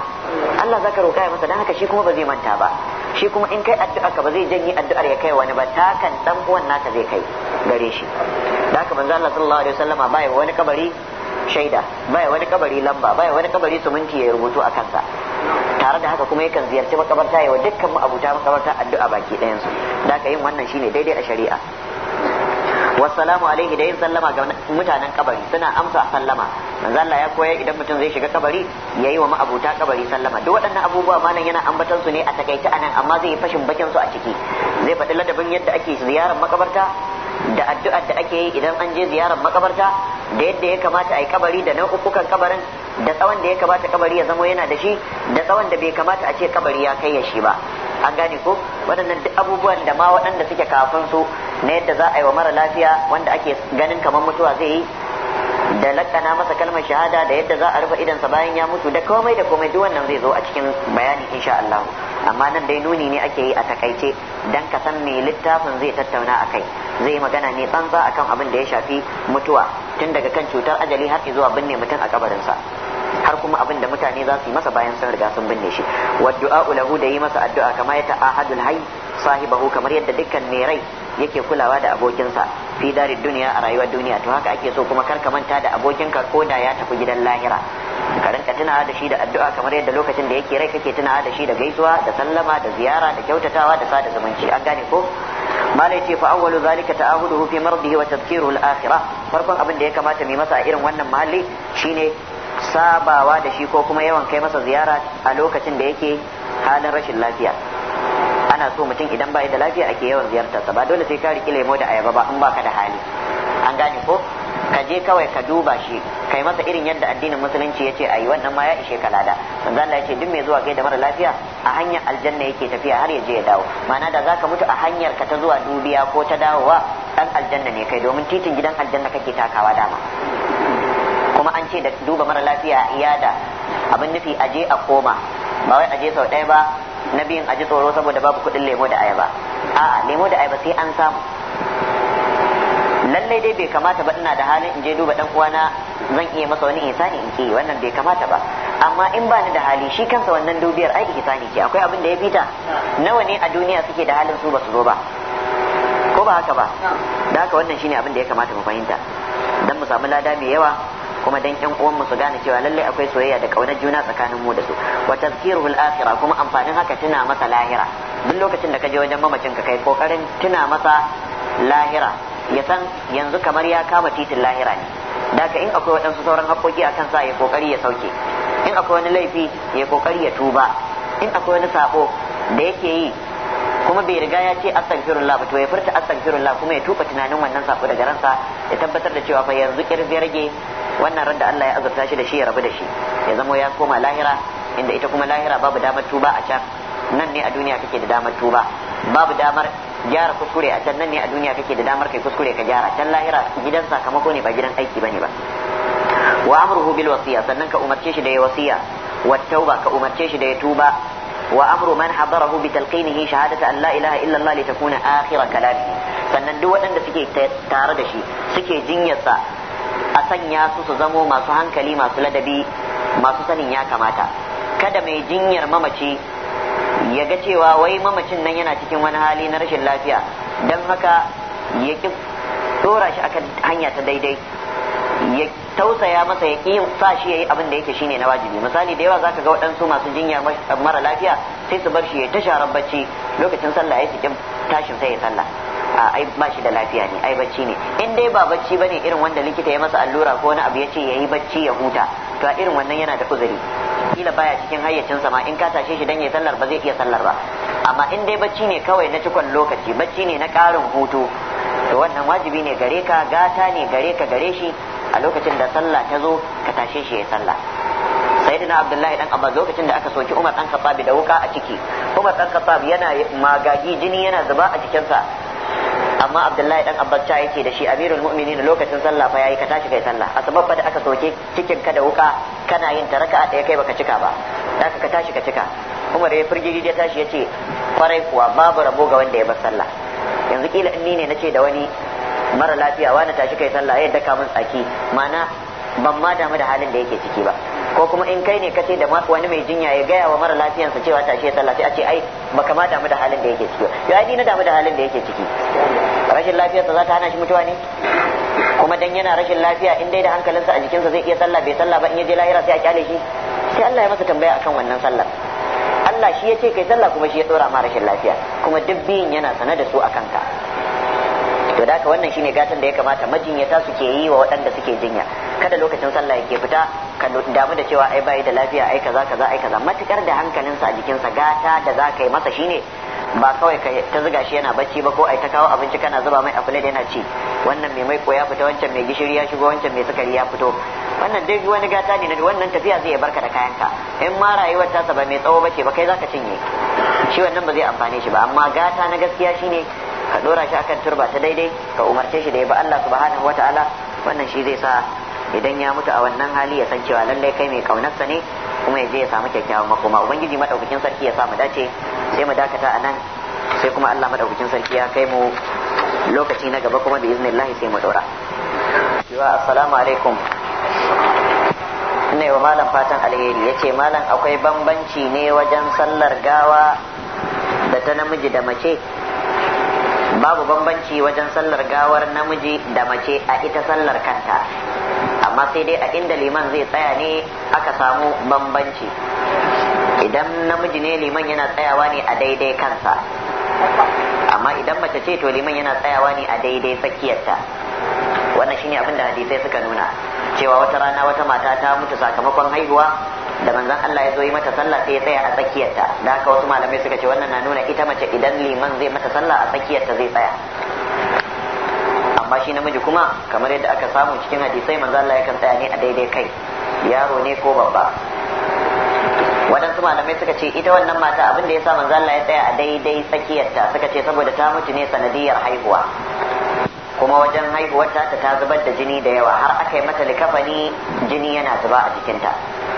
Allah zaka roƙa ya masa dan haka shi kuma ba zai manta ba shi kuma in kai addu'a ka ba zai janye addu'ar ya kai wani ba ta kan dan uwan naka zai kai gare shi da haka manzo Allah sallallahu alaihi wasallama bai wani kabari shaida baya wani kabari lamba baya wani kabari suminti ya rubutu a kansa tare da haka kuma yakan ziyarci makabarta wa dukkan abuta makabarta addu'a baki ɗayansu da aka yin wannan shine daidai a shari'a Wasalamu alaihi da yin sallama ga mutanen kabari suna amsa sallama manzo Allah ya koyar idan mutum zai shiga kabari yayi wa ma'abuta kabari sallama duk waɗannan abubuwa malam yana ambatan su ne a takaice anan amma zai fashin bakin su a ciki zai faɗi ladabin yadda ake ziyarar makabarta da addu'ar da ake yi idan an je ziyarar makabarta da yadda ya kamata a yi kabari da nau'ukan kabarin da tsawon da ya kamata kabari ya zamo yana da shi da tsawon da bai kamata a ce kabari ya kai ya shi ba an gane ko waɗannan duk abubuwan da ma waɗanda suke kafin su na yadda za a yi wa mara lafiya wanda ake ganin kamar mutuwa zai yi da lakana masa kalmar shahada da yadda za a rufe sa bayan ya mutu da komai da komai duk wannan zai zo a cikin bayani insha Allah amma nan dai nuni ne ake yi a takaice dan ka san me littafin zai tattauna akai zai yi magana ne tsantsa akan abin da ya shafi mutuwa tun daga kan cutar ajali har zuwa binne mutum a kabarinsa har kuma abin da mutane za su yi masa bayan sun riga sun binne shi wa du'a'u lahu da yi masa addu'a kamar ya ta'ahadul hayy sahibahu kamar yadda dukkan mai rai yake kulawa da abokinsa fi dari duniya a rayuwar duniya to haka ake so kuma kar ka manta da abokinka ko da ya tafi gidan lahira ka rinka tunawa da shi da addu'a kamar yadda lokacin da yake rai kake tunawa da shi da gaisuwa da sallama da ziyara da kyautatawa da sada zumunci an gane ko malai ce fa awwalu zalika ta'ahuduhu fi mardihi wa tadhkiru al-akhirah farkon abin da ya kamata mu masa a irin wannan mahalli shine sabawa da shi ko kuma yawan kai masa ziyara a lokacin da yake halin rashin lafiya ana so mutum idan ba da lafiya ake yawan ziyartarsa ba dole sai ka riki lemo da ayaba ba in baka da hali an gane ko ka je kawai ka duba shi kai masa irin yadda addinin musulunci yace ayi wannan ma ya ishe ka lada manzo Allah yace duk mai zuwa kai da mara lafiya a hanyar aljanna yake tafiya har ya je ya dawo ma'ana da zaka mutu a hanyar ka ta zuwa dubiya ko ta dawowa dan aljanna ne kai domin titin gidan aljanna kake takawa dama kuma an ce da duba mara lafiya iyada abin nufi aje a koma ba wai aje sau ɗaya ba na biyun aje tsoro saboda babu kuɗin lemo da ayaba a'a lemo da ayaba sai an samu lallai dai bai kamata ba ina da halin in je duba dan uwana zan iya masa wani ihsani in ke wannan bai kamata ba amma in ba ni da hali shi kansa wannan dubiyar ai ihsani ce akwai abin da ya fita nawa ne a duniya suke da halin su ba su zo ba ko ba haka ba da haka wannan shine abin da ya kamata mu fahimta dan mu samu lada mai yawa kuma dan ƴan uwan mu su gane cewa lallai akwai soyayya da kaunar juna tsakanin mu da su wa tazkiruhul akhirah kuma amfanin haka tuna masa lahira duk lokacin da ka je wajen mamacin ka kai kokarin tuna masa lahira ya san yanzu kamar ya kama titin lahira ne da in akwai waɗansu sauran haƙoƙi a sa ya kokari ya sauke in akwai wani laifi ya kokari ya tuba in akwai wani sako da yake yi kuma bai riga ya ce astaghfirullah ba to ya furta astaghfirullah kuma ya tuba tunanin wannan sako daga ransa ya tabbatar da cewa fa yanzu kirfi rage wannan ran da Allah ya azurta shi da shi ya rabu da shi ya zamo ya koma lahira inda ita kuma lahira babu damar tuba a can nan ne a duniya kake da damar tuba babu damar gyara kuskure a can nan ne a duniya kake da damar kai kuskure ka gyara can lahira gidan sakamako ne ba gidan aiki bane ba wa amruhu bil wasiya sannan ka umarce shi da ya wasiya wa tauba ka umarce shi da ya tuba وأمر من حضره بتلقينه شهادة أن لا إله إلا الله لتكون آخر كلامه sannan duk waɗanda suke tare da shi suke jinyarsa a sanya su su zamo masu hankali masu ladabi masu sanin ya kamata kada mai jinyar mamaci ya ga cewa wai mamacin nan yana cikin wani hali na rashin lafiya don haka ya ki dora shi akan hanya ta daidai ya tausaya masa ya ƙi sa shi ya yi abin da yake shine na wajibi misali da yawa za ka ga waɗansu masu jinya mara lafiya sai su bar shi ya ta sharar bacci lokacin sallah ya cikin tashin sai ya sallah a ai ba shi da lafiya ne ai bacci ne in dai ba bacci bane irin wanda likita ya masa allura ko wani abu ya ce yayi bacci ya huta to a irin wannan yana da kuzari. kila baya cikin hayyacinsa ma in ka tashe shi dan ya sallar ba zai iya sallar ba amma in dai bacci ne kawai na cikon lokaci bacci ne na ƙarin hutu to wannan wajibi ne gare ka gata ne gare ka gare shi a lokacin da sallah ta zo ka tashe shi ya sallah sayyidina abdullahi dan abbas lokacin da aka soki umar dan khattab da wuka a ciki umar dan khattab yana magagi jini yana zuba a jikinsa amma abdullahi dan abbas ta yace da shi amirul mu'minin lokacin sallah fa yayi ka tashi kai sallah a fa da aka soke cikin ka da wuka kana yin ta a daya kai baka cika ba da ka tashi ka cika umar ya furgiri ya tashi yace kwarai kuwa babu rabo ga wanda ya bar sallah yanzu kila in ni ne nace da wani mara lafiya wani tashi kai sallah ya daka mun tsaki ma'ana ban ma damu da halin da yake ciki ba ko kuma in kai ne kace da wani mai jinya ya gaya wa mara lafiyansa cewa tashi ya sallah sai a ce ai baka ma damu da halin da yake ciki ba ai ni na damu da halin da yake ciki rashin lafiyarsa za ta hana shi mutuwa ne kuma dan yana rashin lafiya in dai da hankalinsa a jikinsa zai iya sallah bai sallah ba in ya je lahira sai a kyale shi sai Allah ya masa tambaya akan wannan sallah sallah shi ya ce kai sallah kuma shi ya dora ma rashin lafiya kuma duk biyun yana sane da su a kanka to da haka wannan shine gatan da ya kamata majinyata suke yi wa waɗanda suke jinya kada lokacin sallah yake fita ka damu da cewa ai bai da lafiya ai kaza kaza ai kaza matukar da hankalinsa a sa gata da za ka yi masa shine ba kawai ka ta zuga shi yana bacci ba ko ai ta kawo abinci kana zuba mai a da yana ci wannan mai maiko ya fita wancan mai gishiri ya shigo wancan mai sukari ya fito wannan dai wani gata ne na wannan tafiya zai barka da kayanka in ma rayuwar tasa ba mai tsawo bace ba kai zaka cinye shi wannan ba zai amfane shi ba amma gata na gaskiya shine ka dora shi akan turba ta daidai ka umarce shi da ya ba Allah subhanahu wataala wannan shi zai sa idan ya mutu a wannan hali ya san cewa lallai kai mai kaunarsa ne kuma ya je ya samu kyakkyawan makoma ubangiji madaukakin sarki ya samu dace sai mu dakata a nan sai kuma Allah madaukakin sarki ya kai mu lokaci na gaba kuma da iznillahi sai mu dora cewa assalamu alaikum ne wa malam fatan alheri yace malam akwai bambanci ne wajen sallar gawa da ta namiji da mace babu bambanci wajen sallar gawar namiji da mace a ita sallar kanta amma sai dai a inda liman zai tsaya ne aka samu bambanci idan namiji ne liman yana tsayawa ne a daidai kansa amma idan mace ce to liman yana tsayawa ne a daidai tsakiyarta wannan shine abin da hadisai suka nuna cewa wata rana wata mata ta mutu sakamakon haihuwa da manzon Allah ya zo yi mata sallah sai ya tsaya a tsakiyarta da haka wasu malamai suka ce wannan na nuna ita mace idan liman zai mata sallah a tsakiyarta zai tsaya amma shi namiji kuma kamar yadda aka samu cikin hadisai manzon Allah yakan tsaya ne a daidai kai yaro ne ko babba waɗansu malamai suka ce ita wannan mata abin da ya sa manzon Allah ya tsaya a daidai tsakiyarta suka ce saboda ta mutu ne sanadiyar haihuwa kuma wajen haihuwarta ta zubar da jini da yawa har aka yi mata likafani jini yana zuba a jikinta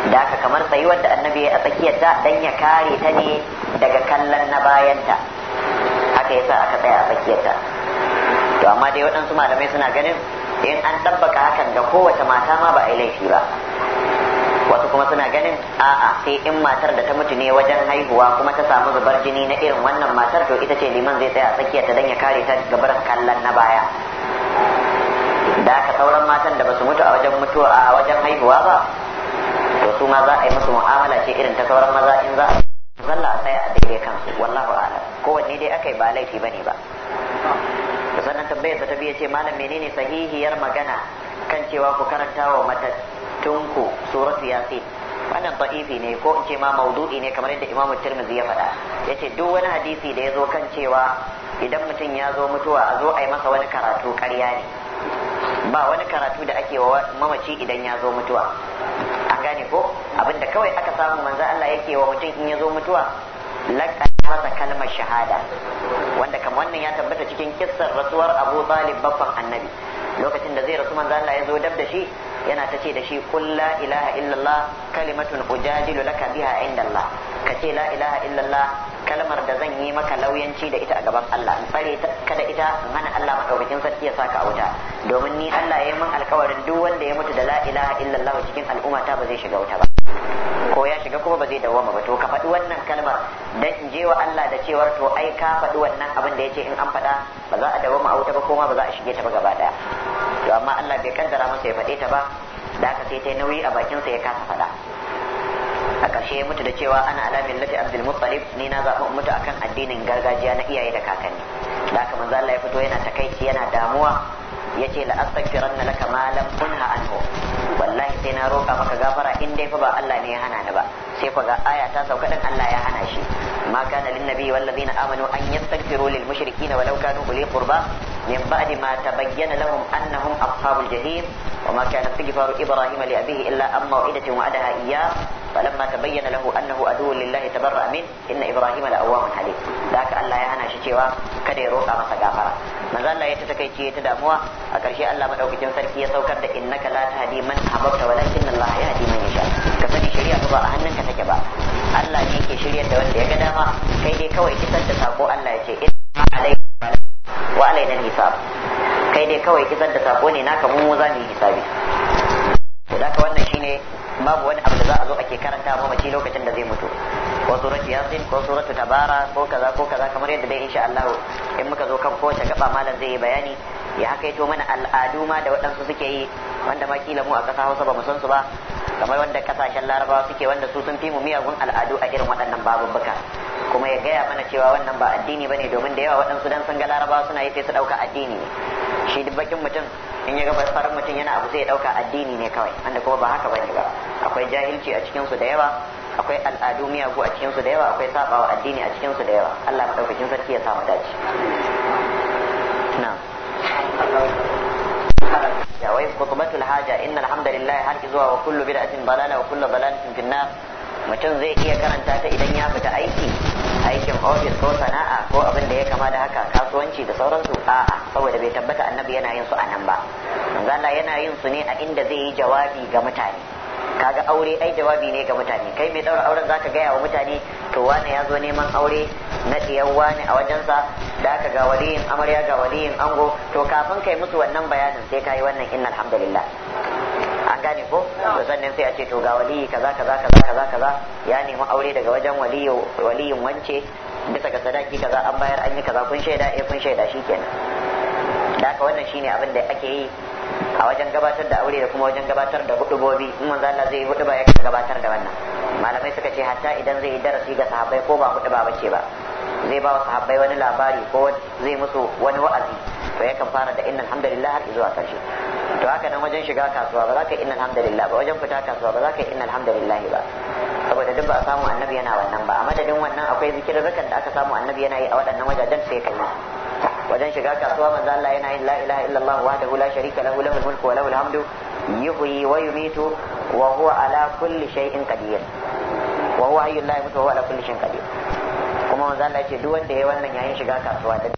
da aka kamar sai da annabi a tsakiyar da dan ya kare ta ne daga kallon na bayanta haka yasa aka tsaya a tsakiyar ta to amma dai waɗansu malamai suna ganin in an ɗabbaka hakan ga kowace mata ma ba a yi laifi ba wasu kuma suna ganin a'a sai in matar da ta mutu ne wajen haihuwa kuma ta samu zubar jini na irin wannan matar to ita ce liman zai tsaya a tsakiyar ta dan ya kare ta daga barin kallon na baya da ka sauran matan da ba su mutu a wajen mutuwa a wajen haihuwa ba to su ma za a yi musu mu'amala ce irin ta sauran maza in za a a tsaya a daidai kansu wallahu ala kowanne dai aka yi ba laifi bane ba da sannan tambayar ta biya ce malam menene sahihiyar magana kan cewa ku karanta wa matattunku suratu yasin wannan fa'ifi ne ko in ce ma maudu'i ne kamar yadda imamu tirmidhi ya faɗa ya ce duk wani hadisi da ya zo kan cewa idan mutum ya zo mutuwa a zo a yi masa wani karatu ƙarya ne ba wani karatu da ake wa mamaci idan ya zo mutuwa an gane ko abinda kawai aka samu manzo Allah yake wa mutum in ya zo mutuwa laƙa masa kalmar shahada wanda kamar wannan ya tabbata cikin kissar rasuwar Abu Talib babban annabi lokacin da zai rasu manzo Allah ya zo dab da shi yana ta ce da shi kul la ilaha illallah kalimatun ujadilu laka biha inda ka ce la ilaha illallah kalmar da zan yi maka lauyanci da ita a gaban Allah in kada ita in hana Allah madaukakin sarki ya saka a wuta domin ni Allah ya yi min alkawarin duk wanda ya mutu da la ilaha illallah cikin al'umma ta ba zai shiga wuta ba ko ya shiga kuma ba zai dawoma ba to ka faɗi wannan kalmar dan in je wa Allah da cewar to ai ka faɗi wannan abin da yace in an faɗa ba za a dawoma a wuta ba kuma ba za a shige ta ba gaba daya to amma Allah bai kaddara masa ya faɗe ta ba da haka sai ta nauyi a bakin sa ya kasa faɗa a ƙarshe ya mutu da cewa ana alamin lati abdul muttalib ni na zaɓa mutu akan addinin gargajiya na iyaye da kakanni da haka manzo Allah ya fito yana takaici yana damuwa yace la astaghfiranna laka ma lam unha anhu wallahi sai na roka maka gafara in dai fa ba Allah ne ya hana ni ba sai ku ga aya ta sauka din Allah ya hana shi ma kana lin nabi wal ladina amanu an yastaghfiru lil mushrikeena walau kanu uli qurba min ba'di ma tabayyana lahum annahum ashabul jahim وما كان استغفار ابراهيم لابيه الا عن موعده وعدها اياه فلما تبين له انه عدو لله تبرأ منه ان ابراهيم لاواه حليم ذاك الله يا هنا شي cewa kada ya roka masa gafara manzo Allah ya ta takaice ya ta damuwa a ƙarshe Allah madaukakin sarki ya saukar da innaka la tahdi man ahbabta walakin Allah yahdi man yasha ka sani shari'a ba a hannunka take ba Allah ne yake shiryar da wanda ya ga dama kai dai kawai kisan da sako Allah ya ce inna alayka wa alayna hisab kai dai kawai kisan da sako ne naka mu za mu yi hisabi to wannan shine babu wani abu da za a zo ake karanta mamaci lokacin da zai mutu ko suratu yasin ko suratu tabara ko kaza ko kaza kamar yadda dai insha Allah in muka zo kan kowace gaba malam zai yi bayani ya haka yato mana al'adu ma da waɗansu suke yi wanda ma kila mu a ƙasa Hausa ba mu san su ba kamar wanda kasashen Larabawa suke wanda su sun fi mu miyagun al'adu a irin waɗannan babubbuka kuma ya gaya mana cewa wannan ba addini bane domin da yawa waɗansu dan sun ga Larabawa suna yi sai su ɗauka addini ne shi duk bakin mutum in ya ga farin mutum yana abu sai ya ɗauka addini ne kawai wanda kuma ba haka bane ba akwai jahilci a cikin su da yawa akwai al'adu miyagu a cikinsu da yawa akwai sabawa addini a cikinsu da yawa Allah madaukakin sarki ya samu dace na'am ya wai khutbatul haja innal hamdalillah har zuwa wa kullu bid'atin balala wa kullu balalatin finnar mutum zai iya karanta ta idan ya fita aiki aikin ofis ko sana'a ko abin da ya kama da haka kasuwanci da sauransu a'a saboda bai tabbata annabi yana yin su a nan ba Allah yana yin su ne a inda zai yi jawabi ga mutane kaga aure ai jawabi ne ga mutane kai mai daura auren zaka gaya wa mutane to wani ya zo neman aure na ɗiyan wane a wajensa da aka ga waliyin amarya ga waliyin ango to kafin kai musu wannan bayanin sai ka yi wannan inna alhamdulillah an gane ko to sannan sai a ce to ga waliyi kaza kaza kaza kaza kaza ya nemi aure daga wajen waliyin wance bisa ga sadaki kaza an bayar an yi kaza kun shaida eh kun shaida shikenan da haka wannan shine abin da ake yi a wajen gabatar da aure da kuma wajen gabatar da hudubobi in manzo Allah zai hudu ba ya gabatar da wannan malamai suka ce hatta idan zai yi darasi ga sahabbai ko ba hudu ba bace ba zai ba wa sahabbai wani labari ko zai musu wani wa'azi to yakan fara da inna alhamdulillah har zuwa karshe to haka nan wajen shiga kasuwa ba za ka inna alhamdulillah ba wajen fita kasuwa ba za ka inna alhamdulillah ba saboda duk ba a samu annabi yana wannan ba a madadin wannan akwai zikirrukan da aka samu annabi yana yi a waɗannan wajajen sai kai wajen shiga kasuwa manzo Allah yana yin la ilaha illallah wahdahu la sharika lahu lahul mulku wa lahul hamdu yuhyi wa yumitu wa huwa ala kulli shay'in qadir wa huwa hayyul la yamutu wa huwa ala kulli shay'in qadir kuma manzo Allah duk wanda yayi wannan yayin shiga kasuwa